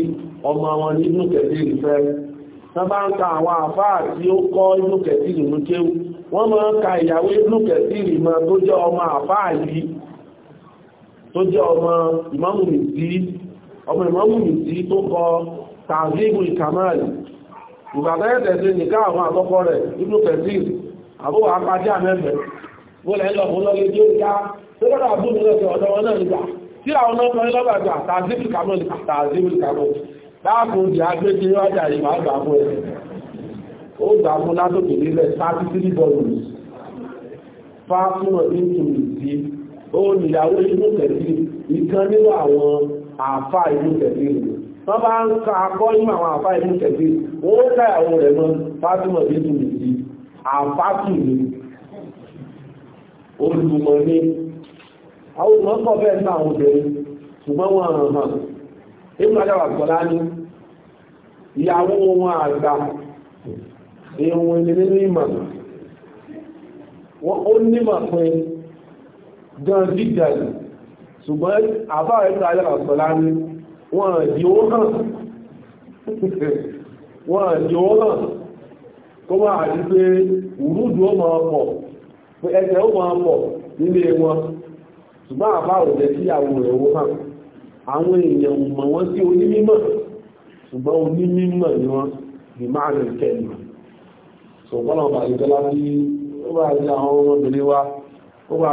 ọmọ wọn ní inú kẹ̀tìrì fẹ́ sábà ń ka àwọn àfáà tí ó kọ́ inú kẹ̀tìrì mú kéwú wọ́n máa ka ìyàwó inú kẹ̀tìrì mọ́ tó jẹ́ ọmọ àfáà yìí tó jẹ́ ọmọ ìmọ́mù ọmọ tó kọ àwọn àkọ́kọ́ rẹ̀ inú àbúrò tí àwọn ọmọ ọmọ lọ́gbàgbà àtàzíbì kàmọ́ àtàzíbì kàmọ́ láàkùn jẹ́ agbékí wájà yìí máa gbà fún ẹ̀ ó gbà fún látòkè nílẹ̀ 33 bọ́ọ̀lù fáfún ọdún ìdí ó nìyàwó inú tẹ̀sí ìkan nínú àwọn àfá inú tẹ̀sí wọ́n bá ń ka akọ́ nínú àwọn àfá inú tẹ̀sí wọ́n káyàwó rẹ̀ mọ́ fáfún ọdún ìdí àfá tù ní olùmọ̀ ní àwọn ọmọ kọ́ bẹ́ẹ̀ ní àwọn obìnrin ṣùgbọ́n wọn hàn hàn nínú adáwà kọ́lá ní ìyàwó wọn àgbà ìwọ̀n ilé nínú ìmọ̀ wọ́n ó nímọ̀ pé gan dídàn ṣùgbọ́n àbá ẹ̀ta adáwà kọ́lá ní wọ́n di ó hàn wọ́n di ó hàn kó máa àti pé wùrúdù ó máa pọ̀ ẹsẹ̀ ó máa pọ̀ nílé wọn ṣùgbọ́n àbá ò jẹ́ síyàwó rẹ̀ hàn àwọn èèyàn mọ̀ wọ́n sí onímímọ̀ ṣùgbọ́n onímímọ̀ ni wọ́n bí máa rẹ̀ kẹ́lù ṣùgbọ́n ọba ìjọlá ó bá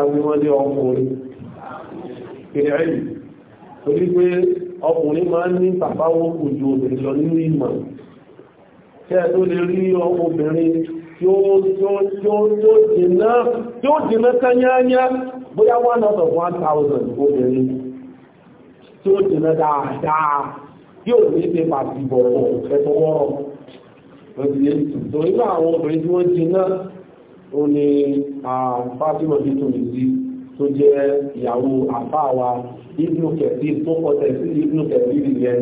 àwọn bóyá one out of one thousand obìnrin tí ó dènà dáadáa yóò ní ṣe pàtì bọ̀wọ̀ ẹ̀fọ́ wọ́rọ̀ lọ́sílẹ̀ torí náà àwọn obìnrin tí wọ́n dènà ó ní Fatima bí tòun sí tó jẹ́ ìyàwó àfáàwà ibnu kẹ̀sí tó kọ́tẹ̀ sí ibnu kẹ̀sí yẹn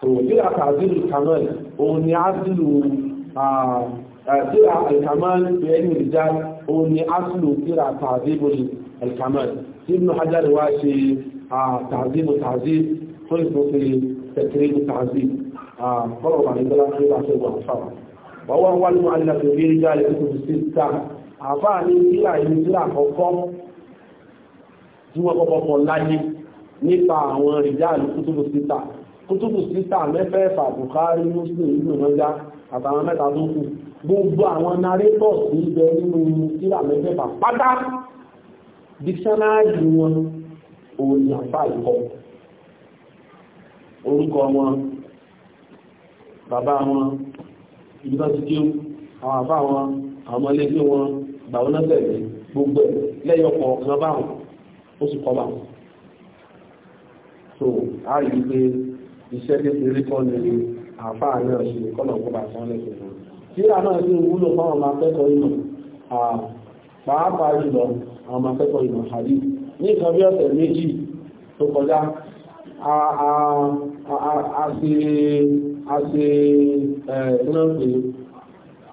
tòwòsílà kàzílù kamal òun ni ásìlù àà sílà alkamal bẹ́ẹ̀ni ìjà òun ni ásìlù sílà kàzílù alkamal tí ibn hajar wá ṣe tààzímù tààzím tó ìfòfin tẹ̀kìrìmù tààzím kọ́rọ̀ wà nígbàlá tó wà ṣe wà fáwà wọ́n wọ́n wá ní wọn alẹ́ fèrè ìjà ilẹ̀ tó fi ta àfáà ní ìlà ìlú sílà àkọ́kọ́ tí wọ́n kọ́kọ́ kọ láyé nípa àwọn ìjà ìlú kútùbù síta kútùbù síta mẹ́fẹ́ẹ̀fà Bukhari Muslim ibn Majah àtàwọn mẹ́ta tó kù gbogbo àwọn narrators ń bẹ nínú sílà mẹ́fẹ́ẹ̀fà pátá dictionary wọn òun ni àfà ìkọ orúkọ wọn bàbá wọn yunifásitì àwọn àfà wọn àwọn ọmọlẹ́gbẹ́ wọn gbàwọn náà gbogbo ẹ̀ lẹ́yọ̀kọ̀ ọ̀kan ó sì kọ́ báwọn so a rí pé iṣẹ́ kékeré kan ní àfà náà ṣe kọ́nà kó bá sán lẹ́sẹ̀ wọn tí a náà sì wúlò fáwọn akẹ́kọ̀ọ́ ìmọ̀ pàápàá jùlọ àwọn ọmọ akẹ́kọ̀ọ́ ìmọ̀ àrí ní nǹkan bí ọ̀sẹ̀ méjì tó kọjá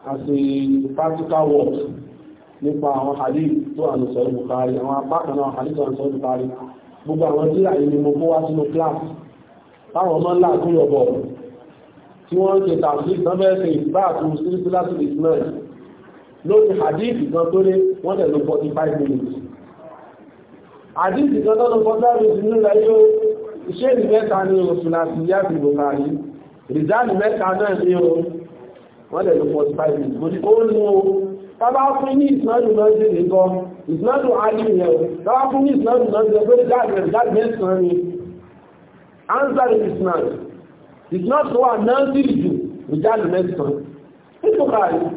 a ṣe practical work nípa àwọn àrí tó ànùsọ̀ ìbùkárí àwọn apákaná àrí tó ànùsọ̀ ìbùkárí gbogbo àwọn tí àyè ni mo kó wá sínú class táwọn ọmọ ńlá àkúyọ̀bọ̀ tí wọ́n ń ṣe tàbí ìsànbẹ́ẹ̀sẹ̀ ìgbà àti òṣìṣẹ́ láti ìsìnlẹ̀ lórí hadith kan tó lé wọ́n lẹ̀ lọ 45 minutes hadith kan tó lọ 45 minutes nínú ayé iṣẹ́ ìlú mẹ́ta ní oṣù láti yá sí bukari rìjáàlì mẹ́ta náà ní o wọ́n lẹ̀ lọ 45 minutes mo ti ó ní o tábà fún ní ìsinádùn náà sí nìkan ìsinádùn ayé yẹn o tábà fún ní ìsinádùn náà sí ẹgbẹ́ rìjáàlì mẹ́sàn-án ni answer ìsinádùn ìsinádùn wà náà sí ìjù the mẹ́sàn-án ní bukari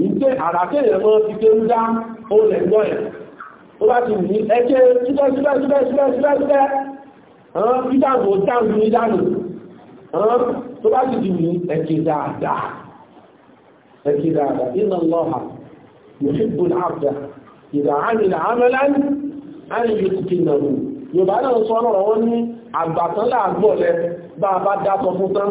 ìpé àràkéyẹ̀ mọ́ ti ké ń dá ó lẹ̀ ń gbọ́yẹ̀ ó bá ti ní ẹjẹ́ síbẹ̀síbẹ̀síbẹ̀síbẹ̀ ìdáàbò dáàbò ní dáàbò tó bá ti dìbò ẹ̀kẹ́ dáadáa ẹ̀kẹ́ dáadáa iná lọ́ha yòṣìbò láàbdà ìdá àmìlà àmìlán àmìlì ti nàrú yorùbá náà sọ ọ̀rọ̀ wọn ní àgbàtán láàgbọ̀ rẹ bá a bá dá sọ fún tán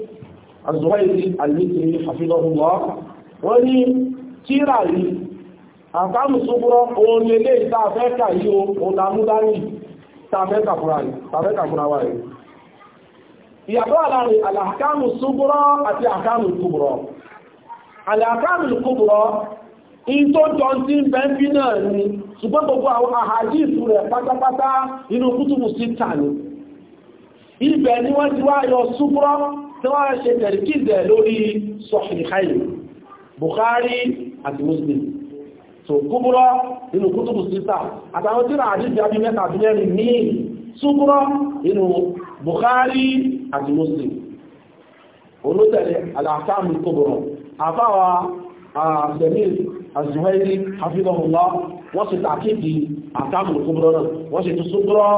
àzọ́ìrí àlìkiri àfihànlọ́ wọ́n ní tíra rí àkánù súnmọ́ ohun ilé ìtafẹ́kà yíò ọ̀dàmúdárì tafẹ́kà fúnra rí ìyàtọ̀ àláàrin àlàkánù súnmọ́ àti àkánù kúbùrọ̀ àlàkánù kúbùrọ̀ in tó jọ sí bẹ́ẹ̀bí náà ni ṣùgbọ́n gbogbo àwọn àhàdìsù rẹ̀ pátápátá inú kútùbù sí tà ibẹ̀ ni wọ́n ti wá yọ súnmọ́ tí wọ́n ṣe tẹ̀ríkìzẹ̀ lórí sọ̀hìnkáyì Bukhari àti Muslim so kúbúrọ́ nínú kútùbù síta àtàwọn tíra àdíjì àbí mẹ́ta àbí mẹ́rin ní súbúrọ́ nínú Bukhari àti Muslim olótẹ̀lẹ̀ aláàtàmì kúbúrọ́ àfáwà àṣẹ̀mìl àzùwẹ́rí hafizahullah wọ́n sì tàkìdì àtàmì kúbúrọ́ náà wọ́n sì tún súbúrọ́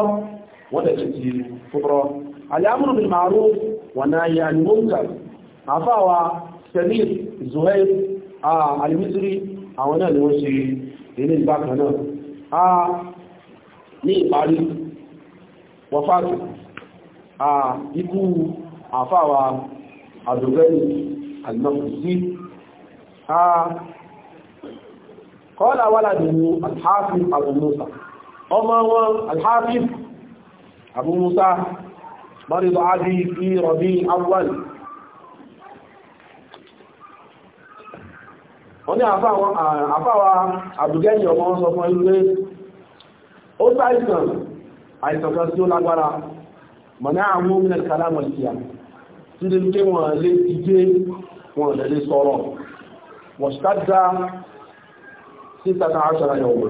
wọ́n tẹ̀sí ti fúrọ́ al'amuru bil ma'ruf wa nahyi 'anil munkar àfáwà samir zuhair al-misri àwọn náà ni wọ́n ṣe ilé ìbákan náà ní ìparí wọ́fàtí ikú àfáwà àdùgbẹ́ni al-mafisi kọ́lá wà ládìí alhafi abu ọmọ wọn alhafi Abu Musa maridu abi fi rọ̀bí awwal wọ́n ní àfáwà àbùgẹ́yìn ọmọ sọ fún ilé ó sáìsàn àìsàn kan tí ó lágbára mọ̀ná àwọn òmìnà kàlámọ̀ ìkìyà tí lè gbé wọn lè ìgbé wọn lè sọ̀rọ̀ wọ̀ṣtádá sí tàtà àṣàrà yọ̀wọ̀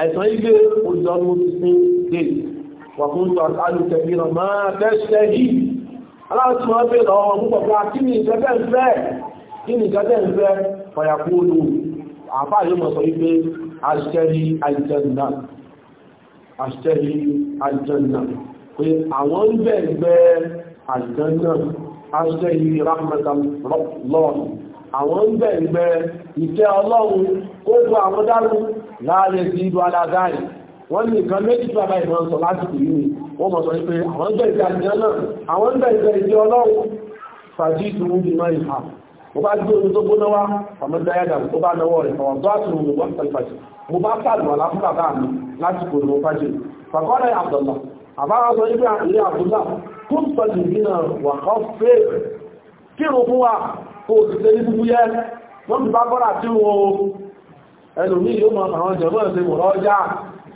àìsàn ilé òjò ọdún ti sí وكنت أسأل كثيرا ما تشتهي الله اسمع بيضا ومبقى كني جدن فيه كني جدن فيه فيقول عفا يوم صيفي أشتري الجنة أشتري الجنة àwọn ń bẹ̀ẹ̀gbẹ́ àjẹ́nà aṣẹ́yí rahmatan lọ́ọ̀lọ́ọ̀lọ́ àwọn ń bẹ̀ẹ̀gbẹ́ ìtẹ́ ọlọ́run kó gbọ́ àwọn dárú láàrẹ sí ìlú aládáyìí wọ́n ní nǹkan méjì tí bàbá ìmọ̀ sọ láti pè ní wọ́n mọ̀ sọ pé àwọn ń bẹ̀rẹ̀ ìjọ náà àwọn ń bẹ̀rẹ̀ ìjọ ọlọ́run fàájì tó mú ìmọ̀ ìhà mo bá gbé omi tó gbóná wá àmọ́ dáyàdà tó bá náwó rẹ̀ àwọn tó àti mo bá pẹ̀lú fàájì mo bá pàdù àlá fún bàbá mi láti pè ní fàájì fàkọ́rẹ́ àbdọ̀lá àbára sọ ibi ilé àbúlá tó ń sọ nìyí náà wà kọ́ fẹ́ kírun fún wa kó o sì tẹ́lí fúfú yẹ wọ́n ti bá bọ́ra tí wọn ẹlòmíì yóò mọ àwọn jẹ̀mọ́ ẹ̀sìn mọ̀rọ̀ ọjà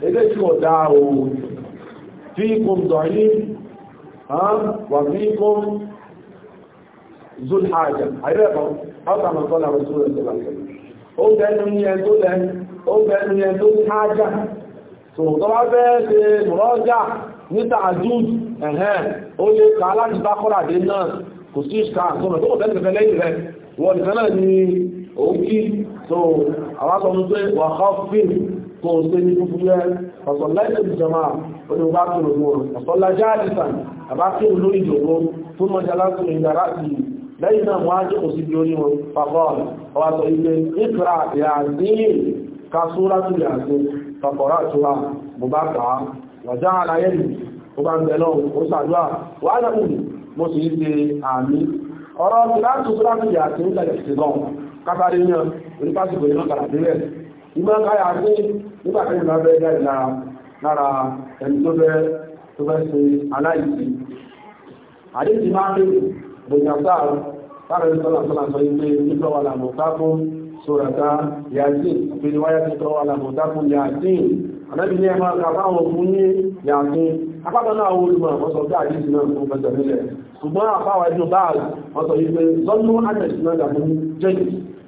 ilé tí ó dá ohun tí kùn dọ̀rí wà ní kùn zulhaja àìrẹ́kọ̀ ọ́tàmà tọ́lá rẹ̀ sórí ẹ̀sẹ̀ láti ó bẹ̀ẹ́nu ní ẹ̀ tó lẹ́ ó bẹ̀ẹ́nu ní ẹ̀ tó hájá tó tọ́lá bẹ́ẹ̀ ṣe mọ́rọ́jà ní tààjúd ẹ̀hẹ́n ó òun kí tó àwọn sọ pé wà kọ́ fíìmù tó ń ṣe ní fúfú yẹ ọ̀sọ̀ láìsẹ̀ ìjọmá onígbà tó rò mọ́ ọ̀sọ̀ lájá àdìsàn àbákí olórí ìjọmọ́ tó mọ́ jẹ́ láti ìdára sí lẹ́yìn náà wọ́n á jẹ́ kò sí bí orí wọn pàkọ́ọ̀lù ọwà sọ ilé ìkra ìyàzín ka súra tó yàzín pàkọ́rà tó wà bó bá kà á wàjá àlàyé mi ó bá ń bẹ̀ lọ ó ṣàdúrà kásáré náà onípásìkò iná kàrà sílẹ̀ ìmọ̀ káyà pé nígbà tó ìgbà bẹ́ẹ̀ jáde lára lára ẹni tó fẹ́ tó fẹ́ ṣe aláìsí àdéjì máa ń bòyà sáà sára ẹni sọ́là sọ́là sọ pé nígbà wà làmọ̀ sáfún sórata yàtín pé ni wáyà nígbà wà làmọ̀ sáfún yàtín ànábì ní ẹmọ àkàfáwọn fún ní yàtín apákan náà wọ́n olùmọ̀ wọ́n sọ pé àdéjì náà fún fẹsẹ̀ nílẹ̀ ṣùgbọ́n àfáwọn ẹni báàlù wọ́n sọ yìí pé lọ́dún àjẹsí náà dàbí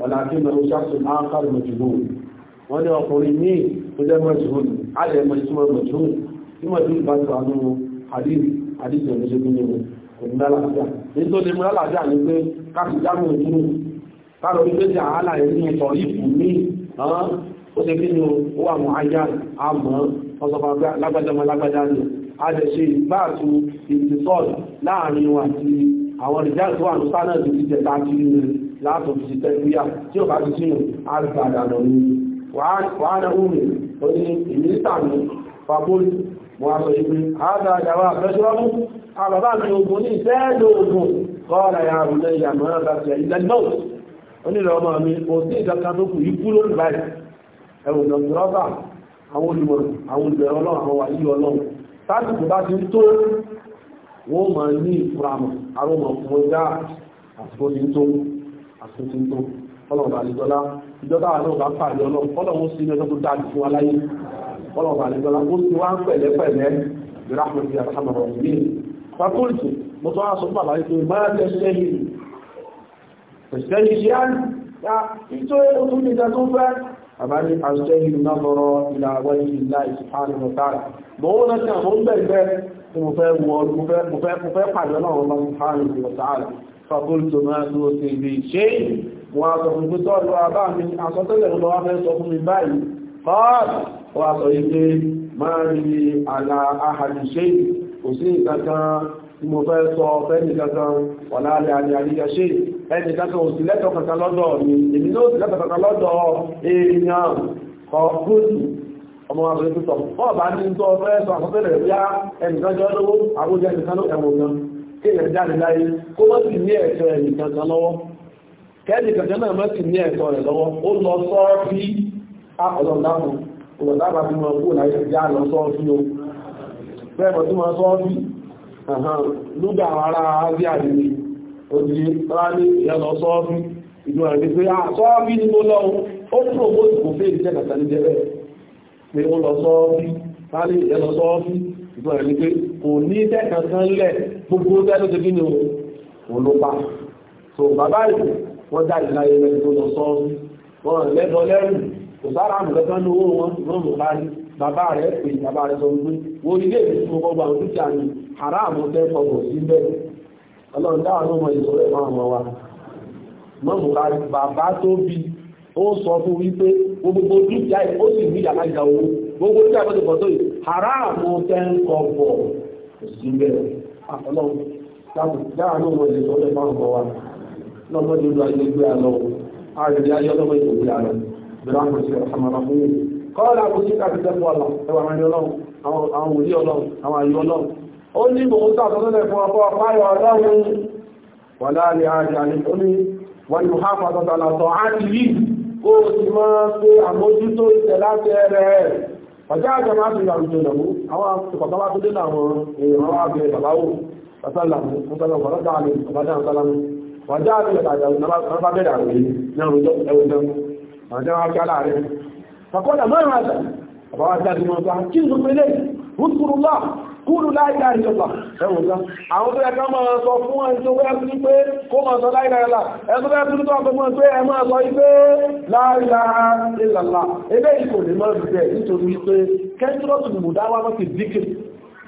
ولكنه شخص آخر مجهول wọ́n ní ọkùnrin ní ìpínlẹ̀ mẹ́jùún alẹ́mọ̀ ìtumọ̀ mẹ́jùún tí wọ́n tí bá tó àwọn àdíjẹ̀ ní ṣégún ní òmìnirálàájá ní tó lè múrálàájá ní pé káàkìjámù ìdúró káàrọ̀ wípé jẹ́ àhálà ẹ̀rí ẹ̀tọ̀ ìpù ní ó ṣe kí ni ó wà mọ̀ ayá àmọ́ ọsọ̀fàgbà lágbàjámọ́ lágbàjá ni a lè ṣe ìgbáàtú ìtìsọ́ọ̀lù láàrin wa àti àwọn ìjáàtú àrùsánà ti ti jẹta kiri látò fi tẹ́gbíyà tí ó bá ti sínú alìbàdà lọ ní wàhánà omi oní ìmìlítà ní fàbólì wọ́n sọ ìpé àádá àjàwà àfẹ́sọ́rọ́mú àbàbá mi ogun ní ìfẹ́ẹ̀lò ogun kọ́ọ̀lá ya rùn lẹ́yà mọ́rán láti ilẹ̀ náà onílẹ̀ ọmọ mi kò sí ìdọ́kan tó kù ikú lónìí báyìí ẹ̀wọ̀n dọ̀gbọ́rọ́bà àwọn olùmọ̀ràn àwọn olùbẹ̀rẹ̀ ọlọ́run àwọn wàyí ọlọ́run tásìkò bá ti ń tó wọ́n mọ̀ ní ìfúramọ̀ àrùn mọ̀ fún ọjà àsìkò àtúntò ọlọ́ọ̀bà àlejọ́lá ìjọba àwọn ọba pàdé ọlọ́wọ́ sí ilé ọjọ́ tó dáa fún aláyé ọlọ́ọ̀bà àlejọ́lá ó ti wá ń pẹ̀lẹ́ pẹ̀lẹ́ ìrákùnrin àtàmọ̀rọ̀ ìlú fakulti mo tọ́ aṣọ bàbá yìí pé máa tẹ̀sẹ̀ yìí tẹ̀sẹ̀ yìí ṣe á ya ìtò ojú nígbà tó fẹ́ bàbá ní àṣẹ yìí náà lọ́rọ̀ ìlà àwọn ìlú ìlà ìsìnkánì mọ̀tàrà mọ̀ ó náà tẹ̀ àwọn ń bẹ̀rẹ̀ mo fẹ́ pàdé ọlọ́run lọ́sùn fàbólítò máa ló ṣe ilé ṣe wọ́n a sọ fún pé tọ́lọ àbá mi àsọtẹ́lẹ̀ lọ wá fẹ́ sọ fún mi báyìí fọ́ọ̀lù wọ́n a sọ ilé máa rí àlà àhàlì ṣe kò sí ìkankan tí mo fẹ́ sọ fẹ́ni kankan wà láàrin àlè àríyá ṣe ẹni kankan òsì lẹ́tọ̀ kankan lọ́dọ̀ mi èmi náà òsì lẹ́tọ̀ kankan lọ́dọ̀ èèyàn kọ̀ọ̀kúrú ọmọ wa sọ pé tọ́ ọ bá ní tó fẹ́ sọ àsọtẹ́lẹ̀ bí i ẹnìkan jọ lówó àbójẹ ẹnìkan ló ẹ̀wọ̀n gan kéèyàn jáde láyé kó má sì ní ẹ̀tọ́ ẹ̀yìn kankan lọ́wọ́ kẹ́ẹ̀dì kankan náà má sì ní ẹ̀tọ́ rẹ̀ lọ́wọ́ ó lọ sọ́ọ́fí ọlọ́dàmù ọlọ́dàmù tí wọ́n kú láyé já lọ sọ́ọ́fí o tí wọ́n lúgbà ara òjì rání ìyá lọ rẹ̀ pé mo lọ́wọ́ ó fẹ́ ìjẹ́ kàtà ní pé ó lọ rání ìyá lọ rẹ̀ pé kò ní tẹ́kàn kan lẹ̀ gbogbo tẹ́lú ti bí ní so bàbá ìlú wọ́n tó lọ wọ́n lẹ́rù kò sára àmì ní owó wọn wọ́n mọ̀ parí bàbá rẹ̀ pè bàbá rẹ̀ sọ wípé wo ilé ìlú tí mo kọ́ gba òtútù àmì tẹ́ fọkọ̀ sí bẹ́ẹ̀ ọlọ́run àtọ́lọ́wọ́ láàánú wọn lè sọ́lẹ̀ máa ń bọ̀ wá lọ́gbọ́n ní olú ayé gbé àlọ́ ààrẹ ayé ọlọ́gbọ́n ìlú gbé àlọ́ bẹ̀rẹ̀ àwọn ìṣẹ̀lẹ̀ àmàlà fún yìí kọ́ọ̀lá kò sí káàkiri tẹ́kọ̀ ọ̀lọ́ ẹwà àwọn ọlọ́run àwọn wòlíì ọlọ́run àwọn ayé ọlọ́run ó ní mò ń sàtọ́lẹ̀ fún ọkọ̀ apáyọ̀ ọlọ́run wà láàrin ààrẹ àní ó ní wọ́n ní ha fàtọ̀tà látọ̀ á ti rí kó o sì máa ṣe àmójútó ìtẹ̀láṣẹ rẹ̀ ọjọ́ àjọ máa fi ìlànà ìjọlọ̀wó àwọn ìpàtàwà tó dé láwọn èèyàn wá bẹ bàbáwò sásàlàmù ọjọ́ ọ̀pọ̀lọpọ̀ àlè ọ̀bádá ọ̀sálàmù ọjọ́ àjọ ìlànà ìbábẹ̀dà rẹ̀ náà rọjọ́ ẹwùjọ́ ọjọ́ wá kí á láàrin kúrú láìlá ìjọba ẹwọ̀nlá àwọn tó ẹ̀ká máa sọ fún ẹni tó bẹ́ẹ̀ sí pé kó máa sọ láìlá ìlà ẹni tó bẹ́ẹ̀ sí tó ọkọ̀ mọ́ pé ẹ máa sọ ipé láìlá ìlàlá ilé ìkò lè máa bẹ̀rẹ̀ nítorí pé kẹ́ńtírọ́tù mùdáwà náà ti díkì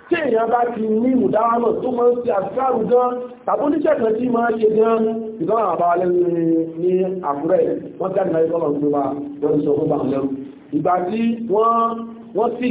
tí èèyàn bá ti ní mùdáwà náà tó máa ń ṣe àṣìkáàrù gan tàbí oníṣẹ́ kan tí máa ṣe gan ìdánwò àbáwálẹ́ ní àkúrẹ́ wọ́n jáde náà ìkọlọ̀ gbogbo wa lọ́dún sọ ìgbà tí wọ́n sì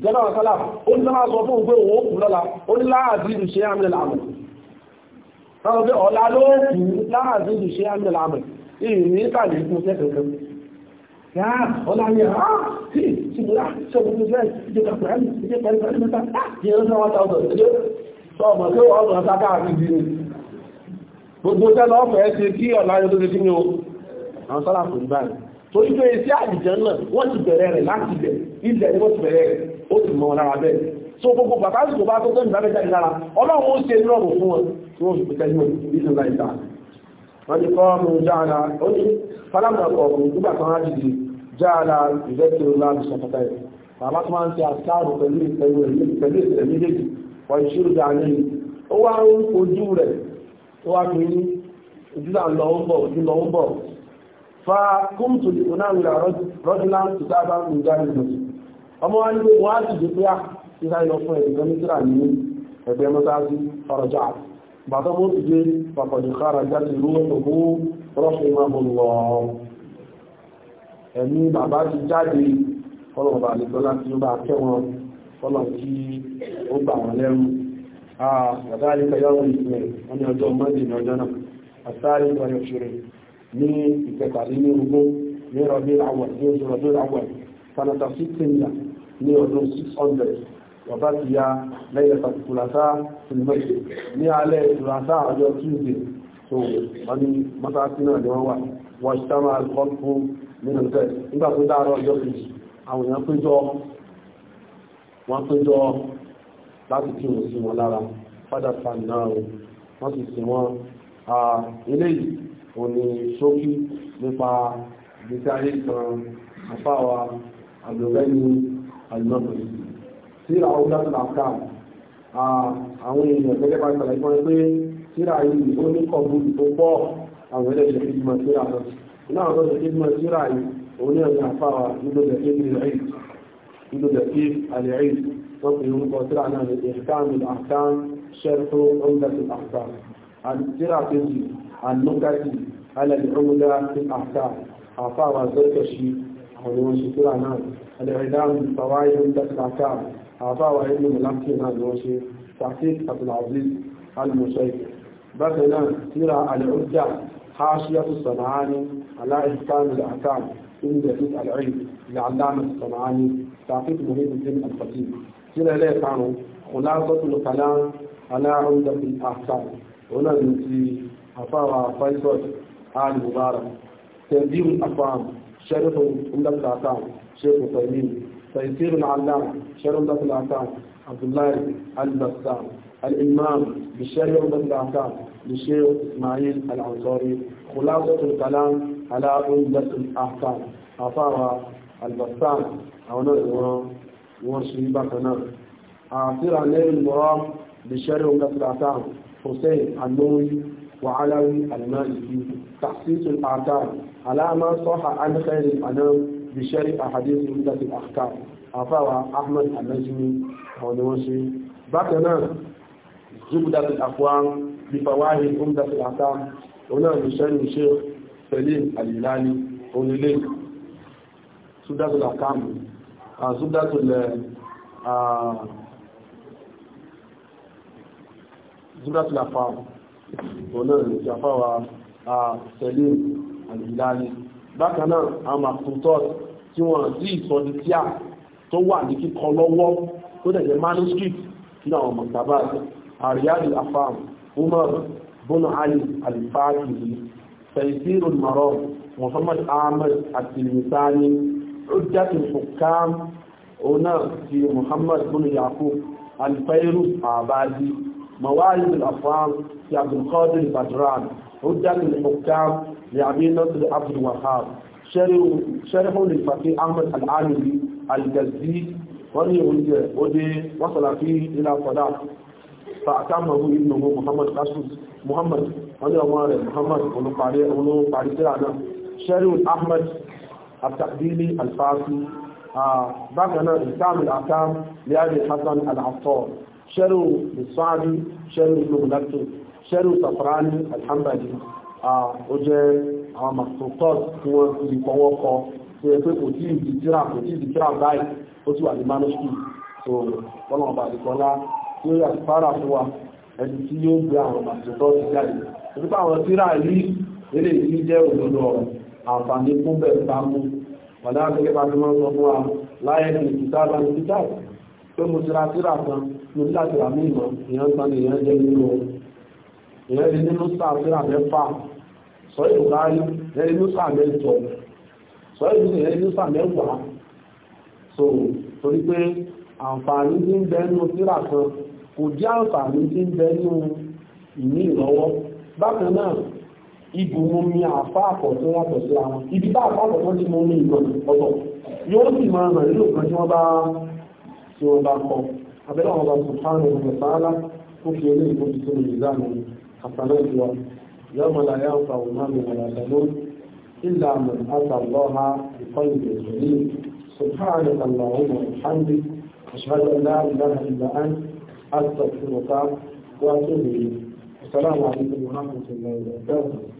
ìjọba àkọ́lá ó ní sọ́mọ́ sọ fún òun pé òun ó kù lọ́la ó ní láàzí ìṣe àmìlẹ̀ àmì ráwọn pé ọ̀la ló kù láàzí ìṣe àmìlẹ̀ àmì ìrìn ní kàlẹ̀ ìkún sẹ́kẹ̀kẹ́ yáà ọ̀la ni àá sí ìṣẹ́gbẹ̀rẹ̀ ìṣẹ́gbẹ̀rẹ̀ ìṣẹ́gbẹ̀rẹ̀ ìṣẹ́gbẹ̀rẹ̀ ìṣẹ́gbẹ̀rẹ̀ ìṣẹ́gbẹ̀rẹ̀ ìṣẹ́gbẹ̀rẹ̀ ìṣẹ́gbẹ̀rẹ̀ torí pé iṣẹ́ àlìjẹ́ náà wọ́n ti bẹ̀rẹ̀ rẹ̀ láti bẹ̀ ilẹ̀ ni wọ́n ti bẹ̀rẹ̀ rẹ̀ ó sì mọ́ lára bẹ́ẹ̀ so gbogbo bàbá sì tó bá tó tó ìbáfẹ́ jáde lára ọlọ́run ó ṣe lọ́rùn fún wọn tí wọ́n fi pẹ̀tẹ́ ní ìlú láìta wọ́n ti kọ́ mu jáàlá ó ní fálámà ọ̀gùn nígbà kan láti di jáàlá ìrẹ́tì láti sọ̀tọ̀tà ẹ̀ bàbá tó máa ń ṣe àṣàrò pẹ̀lú ìpẹ̀lú méjèèjì wọ́n ìṣirò dání ó wá ń kojú rẹ̀ ó wá fi فقمت لأناول رجلا كتابا من جانب المسجد ọmọ wa ní pé wọ́n á sì dé pé á ti sáré lọ fún ẹ̀dùn mítíra ní ẹgbẹ́ mọ́sáàsì ọ̀rọ̀jà bàtọ́ mọ́ ti dé pàpàdé kára jáde lówó tòkó rọ́fẹ́ máa bọ̀ lọ ẹ̀mí bàbá ti jáde ọlọ́ọ̀bà nìkan láti ó bá kẹ́ wọn ọlọ́ kí ó gbà wọn lẹ́rú àgbàdá ah, àríkà yàwó ìpínlẹ̀ wọn ni ọjọ́ mọ́ndé ní ọjọ́ náà àtàrí ọ̀rẹ́ òṣèré ní ìkẹtàlélógún ní rọ̀bíl àwọn ní oṣù rọ̀bíl àwọn sanata sixteen ní ọdún six hundred bàbá ti ya lẹ́yìn pàtìkùlàsá tìlúmẹ̀tì ní alẹ́ ìtùlàsá ọjọ́ tuesday tó wọ́n ní mọ́sáàtì náà ni wọ́n wà wọ́n ṣe táwọn alkọ́pù nínú tẹ̀ nígbà tó dáárọ̀ ọjọ́ kejì àwọn èèyàn péjọ wọ́n péjọ láti kí òun sí wọn lára fádà fan náà wọ́n sì sí wọn ilé yìí òní ṣókí nípa ìgbésí ayé kan àfáwà àgbẹ̀rẹ́ni àgbẹ̀rẹ́ sí àwọn ọgbàtún àká àwọn èèyàn gẹ́gẹ́ bá ṣàlàyé fún ẹ pé síra yìí ó ní kọ̀bù tó pọ̀ àwọn ẹlẹ́ṣẹ̀ fi mọ̀ síra lọ iná àwọn ọ̀dọ́ ṣe mọ̀ síra yìí òun ní ọ̀gbìn àfáwà nílò dẹ̀kí nílò dẹ̀kí wọ́n fi orúkọ síra náà ní ìkáàmù àkáàmù ṣẹ́ẹ̀tọ́ ọ̀gbàtún àká àti síra àlùkàtì alẹ́dẹ̀ẹ́múdá sí àṣà àfáwà zọ́tọ̀ṣì àwọn oṣù tóra náà alẹ́rẹ̀dáàmù fàwáyé ń tàkàtà àfáwà inú mọ̀láfíì náà ni wọ́n ṣe tàfíì àtùlàzí alìmọ̀ṣẹ́ bákan náà tíra alẹ́ọ̀dá حاشية الصنعاني على إحكام الأحكام من دقيق العلم لعلامة الصنعاني تعقيد مهم الدين الخطيب كلا كانوا خلاصة الكلام على عمدة الأحكام هنا afawa faisal ali mubarak tanzim afam sharif umdat atam sheikh taymin تيسير العلامة شرع ذات الأحكام عبد الله البسام الإمام بشرع ذات الأحكام للشيخ إسماعيل العنصاري خلاصة الكلام على عمدة الأحكام أثار البسام أو نوع وشيبة كنان أثير عليه المرام بشرع ذات الأحكام حسين النووي وعلوي المالكي تخصيص الآثار على ما صح عن خير الأنام بشرع أحاديث مدة الأحكام أفاوى أحمد النجمي ونوشي بكنا زبدة الأقوام بفواهد أمدة الأحكام هنا بشرع الشيخ سليم الهلالي ونليك زبدة الأحكام زبدة ال زبدة الأقوام olóòrùn ti àfáwà Salim Al-Hilali bákan náà àwọn àkùntọ́ tí wọ́n sí ìsọdí tíà tó wà ní kíkọ lọ́wọ́ tó dẹ̀jẹ̀ manuscript nínú àwọn mọ̀tàbá àríyájú afam Umar bono Ali al-Fatihi Taysir al-Maram Muhammad Ahmad at-Tilmisani Uddat al-Hukam ona ti Muhammad bin Yaqub al-Fayruz Abadi مواعظ في لعبد القادر بدران عدة الحكام لأبي نصر عبد الوهاب شرح للفقيه أحمد العامري الجزي ولي ودي وصل فيه إلى صلاة فأتمه ابنه محمد قاسم محمد ولي أمار محمد ولو قاري سرعنا شرح أحمد التقديمي الفارسي آه بقنا إسلام الأحكام لأبي الحسن العطار sharhu bisadi sharhu lomulato sharhu safrani alhambali ó jẹ́ àwọn màtòtọ́ tí wọ́n fi fọwọ́ kọ tí ẹ pé kò tí ì di tíra kò tí ì di tíra báyìí ó sì wà ní manuscript so wọ́n lọ́wọ́ bàdìkọ́lá tí ó yà fara fún wa ẹni tí yóò gbé àwọn màtòtọ́ ti jáde nípa àwọn tíra yìí eré yìí jẹ́ òdodo ọ̀rọ̀ àǹfààní fún bẹ́ẹ̀ bá mú wàdá àgbẹ̀lẹ́ bá ti máa ń sọ fún wa láyé ní ìtìtà bá ní títà pé mo tira kan mo ní láti wà ìmọ̀ èèyàn gbani nínú èèyàn nínú sáà sí sọ èèyàn bá rí èèyàn nínú sọ èèyàn nínú sáà mẹ́wàá so torí pé àǹfààní tí ń bẹ nínú sí àwọn ibi bá àfá àkọ̀tún ti mọ́ ní ìgbọ̀n ọ̀tọ̀ yóò sì máa ràn nílò tí wọ́n bá kọ́ abẹ́rẹ́ ọ̀rọ̀ subhanahu wa ta'ala ó fi eré ìbòjú tó lè dánù àtàlẹ́jù wa yawma la yanfa'u malun wala banun illa man ata Allaha bi qalbin salim subhanaka Allahumma wa bihamdik ashhadu an la ilaha illa anta astaghfiruka wa atubu ilayk السلام عليكم ورحمة الله وبركاته